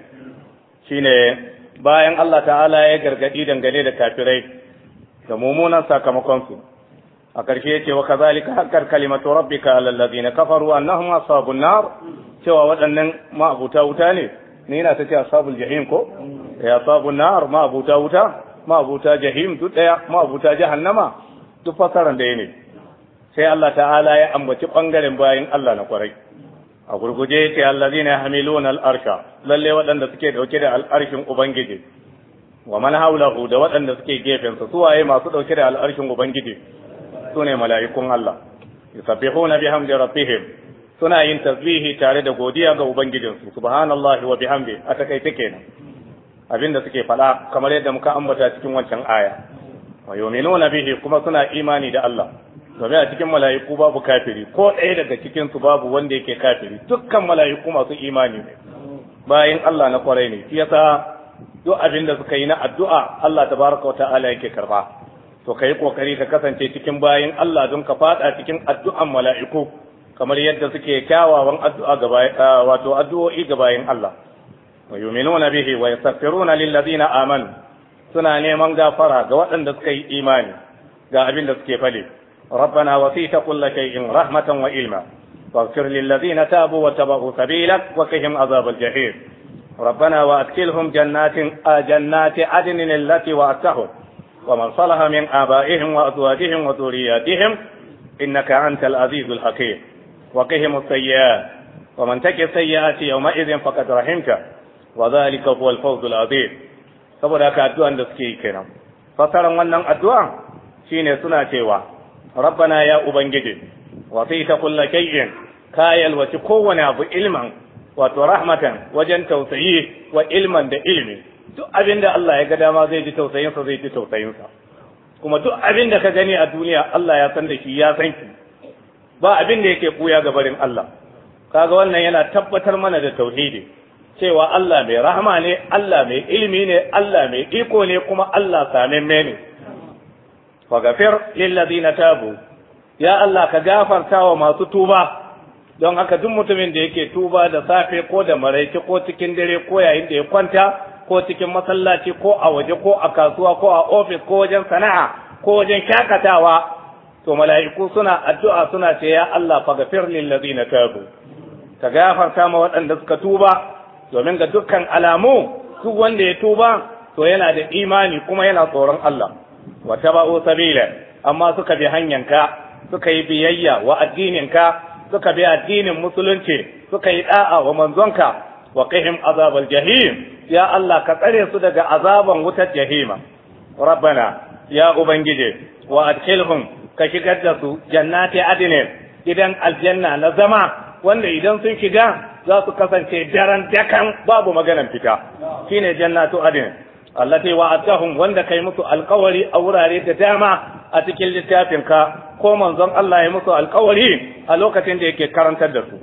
ne bayan Allah ta'ala ya gargaɗi, dangane da kafirai da mummunan sakamakonsu a ƙarshe ya ce wa kazalika harkar kalimatu rabbika alal ladina kafaru annahum ashabun nar cewa waɗannan ma'abuta wuta ne ni yana ta ce ashabul jahim ko ya eh, ashabun nar ma'abuta wuta ma'abuta jahim duk daya ma'abuta jahannama duk fasaran da ne sai Allah ta'ala ya ambaci ɓangaren bayan Allah na kwarai a gurguje ce allazina yahmiluna al-arsha lalle waɗanda suke dauke da al'arshin ubangiji wa man haulahu da waɗanda suke gefensa su suwaye masu ɗauke da al'arshin ubangiji sune mala'ikun Allah yusabbihuna bihamdi rabbihim suna yin tasbihi tare da godiya ga ubangijinsu subhanallahi wa bihamdi a takaice kenan abinda suke faɗa kamar yadda muka ambata cikin wancan aya wa yu'minuna bihi kuma suna imani da Allah domin a cikin mala'iku babu kafiri ko ɗaya daga cikin su babu wanda yake kafiri dukkan mala'iku masu imani ne bayan Allah na kwarai ne shi yasa duk abin da suka yi na addu'a Allah tabaraka wa ta'ala yake karba to kai kokari ka kasance cikin bayan Allah don ka fada cikin addu'an mala'iku kamar yadda suke kyawawan addu'a ga wato addu'o'i ga bayan Allah wa yu'minuna bihi wa yastaghfiruna lil ladina amanu suna neman gafara ga waɗanda suka yi imani ga abin da suke fale ربنا وفيك كل شيء رحمة وإلما واغفر للذين تابوا واتبعوا سبيلك وقهم عذاب الجحيم ربنا وأدخلهم جنات آه، جنات عدن التي وعدتهم ومن صلح من آبائهم وأزواجهم وذرياتهم إنك أنت العزيز الحكيم وقهم السيئات ومن تك السيئات يومئذ فقد رحمته وذلك هو الفوز العظيم فبدأك أدوان addu'an da suke yi kenan fasaran wannan rabbana ya ubangiji wa fi ta kulla shay'in ka yalwaci kowane abu ilman wato rahmatan wajen tausayi wa ilman da ilmi duk abin Allah ya ga dama zai ji tausayinsa zai ji tausayinsa kuma duk abinda ka gani a duniya Allah ya san da shi ya san ki ba abin da yake buya ga barin Allah kaga wannan yana tabbatar mana da tauhidi cewa Allah mai rahma ne Allah mai ilimi ne Allah mai iko ne kuma Allah same ne faghfir lil na tabu ya Allah ka gafarta wa masu tuba don haka duk mutumin da yake tuba da safe ko da maraice ko cikin dare ko yayin da ya kwanta ko cikin masallaci ko a waje ko a kasuwa ko a ofis ko wajen sana'a ko wajen shakatawa to mala'iku suna addu'a suna ce ya Allah faghfir lil na tabu ka gafarta ma waɗanda suka tuba domin ga dukkan alamu duk wanda ya tuba to yana da imani kuma yana tsoron Allah wa taba'u sabila amma suka bi hanyanka suka yi biyayya wa addininka suka bi addinin musulunci suka yi da'a wa manzonka wa qihim azabal jahim ya Allah ka tsare su daga azaban wutar jahima rabbana ya ubangije wa adkhilhum ka shigar da su jannati adnin gidan aljanna na zama wanda idan sun shiga za su kasance daren dakan babu maganan fita shine jannatu adnin allati wa'adtahum wanda kai musu alƙawari a wurare da dama a cikin littafinka ko manzon Allah ya musu alƙawari a lokacin da yake karantar da su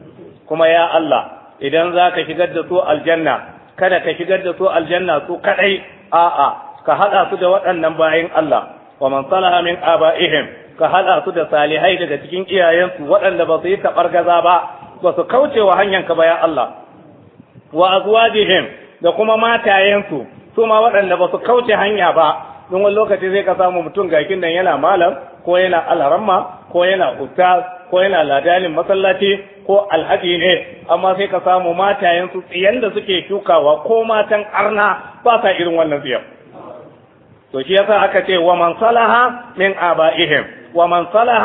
kuma ya Allah idan za ka shigar da su aljanna kada ka shigar da su aljanna su kaɗai, a'a ka haɗa su da waɗannan bayin Allah wa man salaha min aba'ihim ka haɗa su da salihai daga cikin iyayensu waɗanda ba su yi gaza ba ba su kauce wa hanyanka ba ya Allah wa azwajihim da kuma matayensu su ma waɗanda ba su kauce hanya ba don wani lokaci zai ka samu mutum gakin nan yana malam ko yana alharamma ko yana ustaz ko yana ladalin masallaci ko alhaji ne amma sai ka samu matayen su tsiyan da suke shukawa ko matan arna ba sa irin wannan tsiyan to shi yasa aka ce wa man salaha min aba'ihim wa man min صلح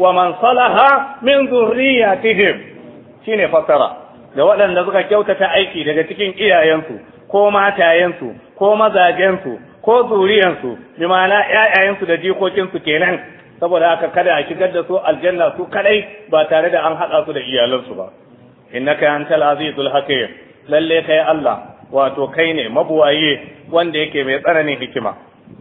wa man salaha min zurriyatihim. Shi ne fassara. da waɗanda suka kyautata aiki daga cikin iyayensu ko matayensu ko mazajensu ko zuriyansu bi ma'ana ƴaƴayensu da jikokinsu kenan saboda haka kada a shigar da su aljanna su kadai ba tare da an haɗa su da iyalansu ba innaka antal azizul hakim lalle kai Allah wato kai ne mabuwaye wanda yake mai tsananin hikima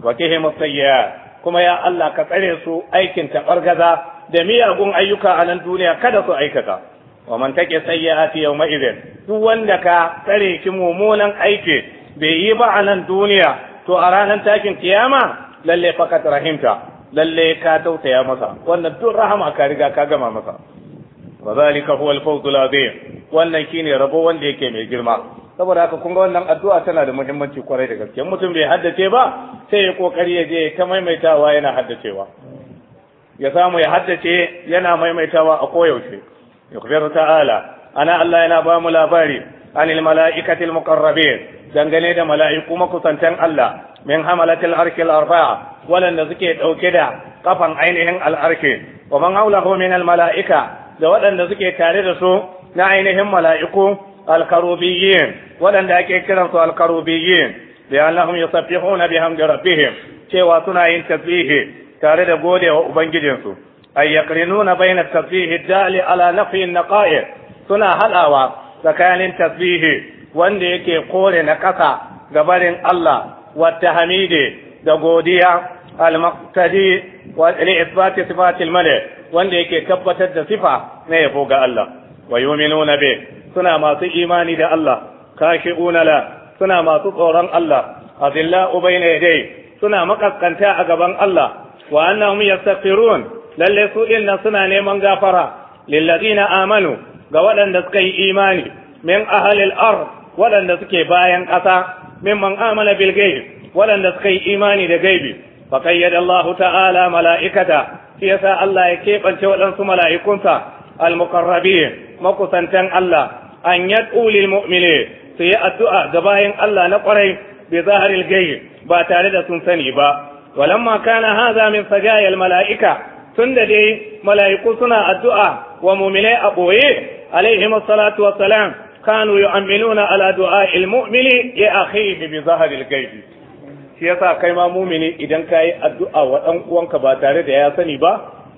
wa kihim musayya kuma ya Allah ka tsare su aikin tabargaza da miyagun ayyuka a nan duniya kada su aikata wa man take sayyi'ati yawma idin duk wanda ka tsare ki mummunan aiki bai yi ba a nan duniya to a ranar takin kiyama lalle fakat rahimta lalle ka tausaya masa wannan duk rahama ka riga ka gama masa wa zalika huwa al-fawz al-azim wannan shine rabo wanda yake mai girma saboda haka kun ga wannan addu'a tana da muhimmanci kwarai da gaske mutum bai haddace ba sai ya kokari ya je ta maimaitawa yana haddacewa ya samu ya haddace yana maimaitawa a koyaushe yukhbiru ta'ala ana Allah yana ba mu labari anil mala'ikatil muqarrabin dangane da mala'iku makusantan Allah min hamalatil arkil arba'a waɗanda suke ɗauke da kafan ainihin al'arki wa man haulahu min al mala'ika da waɗanda suke tare da su na ainihin mala'iku alkarubiyin waɗanda ake kiransu alkarubiyin لأنهم يسبحون بحمد ربهم cewa suna yin tasbihi tare da gode wa Ubangijinsu, ay yaqrinuna bayna tasbihi dali ala nafi naqa'i suna haɗawa tsakanin tasbihi wanda yake kore na kasa gabarin Allah wa tahmidi da godiya al-muqtadi wa li ithbati sifati wanda yake tabbatar da sifa na yabo ga Allah wa yu'minuna bi suna masu imani da Allah kashi'una la suna masu tsoron Allah azillau bayna yadayhi suna makaskanta a gaban Allah wa annahum yastaghfirun lalle su din nan suna neman gafara lillazina amanu ga waɗanda suka yi imani min ahalil ar waɗanda suke bayan ƙasa man amana bil waɗanda suka yi imani da gaibi fa qayyada Allah ta'ala mala'ikata shi yasa Allah ya keɓance waɗansu mala'ikunsa al-muqarrabin makusantan Allah an yad'u lil mu'mini su yi addu'a ga bayan Allah na ƙwarai bi zaharil ghaib ba tare da sun sani ba walamma kana hadha min sajaya al mala'ika tunda dai mala'iku suna addu'a wa mu'minai a boye alaihi salatu wassalam kanu yu'minuna ala du'a al-mu'mini ya akhi bi zahri al-ghaibi shi yasa kai ma mu'mini idan kai addu'a wa dan uwanka ba tare da ya sani ba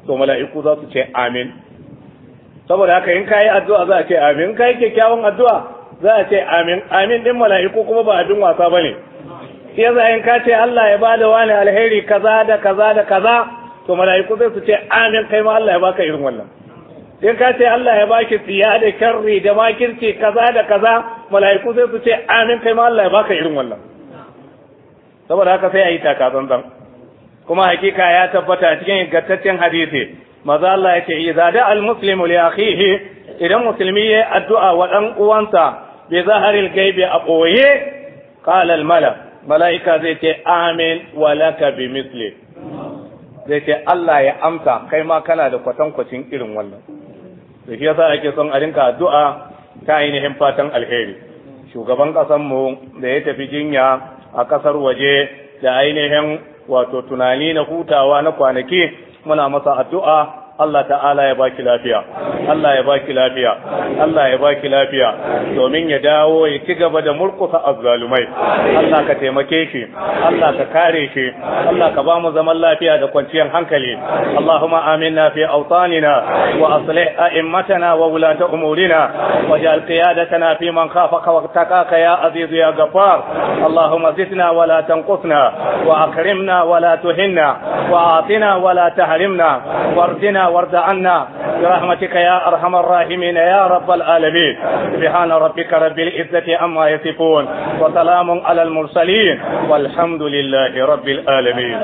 to mala'iku za su ce amin saboda haka in kai addu'a za a ce amin kai kyakkyawan addu'a za a ce amin amin din mala'iku kuma ba abin wasa bane shi yasa in ka ce Allah ya bada wani alheri kaza da kaza da kaza to mala'iku zai su ce amin kai ma Allah ya baka irin wannan in ka ce Allah ya baki tsiya da karri da makirci kaza da kaza mala'iku zai su ce amin kai ma Allah ya baka irin wannan saboda haka sai a yi taka tsantsan kuma hakika ya tabbata cikin ingantaccen hadisi maza Allah ya ce idza da al muslimu li akhihi idan musulmi ya addu'a wa dan uwansa bi zaharil gaibi a boye qala al mala mala'ika zai ce amin wa laka bi misli zai ce Allah ya amsa kai ma kana da kwatankwacin irin wannan da shi yasa ake son a rinka addu'a ta ainihin fatan alheri shugaban mu da ya tafi jinya a ƙasar waje da ainihin wato tunani na hutawa na kwanaki muna masa addu'a Allah ta'ala ya baki lafiya Allah ya baki lafiya Allah ya baki lafiya domin ya dawo ya ci gaba da murkusa azzalumai Allah ka taimake shi Allah ka kare shi Allah ka ba mu zaman lafiya da kwanciyar hankali Allahumma amina fi awtanina wa aslih a'immatana wa wulata umurina waj'al qiyadatana fi man khafaka wa taqaka ya aziz ya ghafar Allahumma zidna wa la tanqusna wa akrimna wa la tuhinna wa atina wa la tahrimna wartina وارض عنا برحمتك يا ارحم الراحمين يا رب العالمين سبحان ربك رب العزه عما يصفون وسلام على المرسلين والحمد لله رب العالمين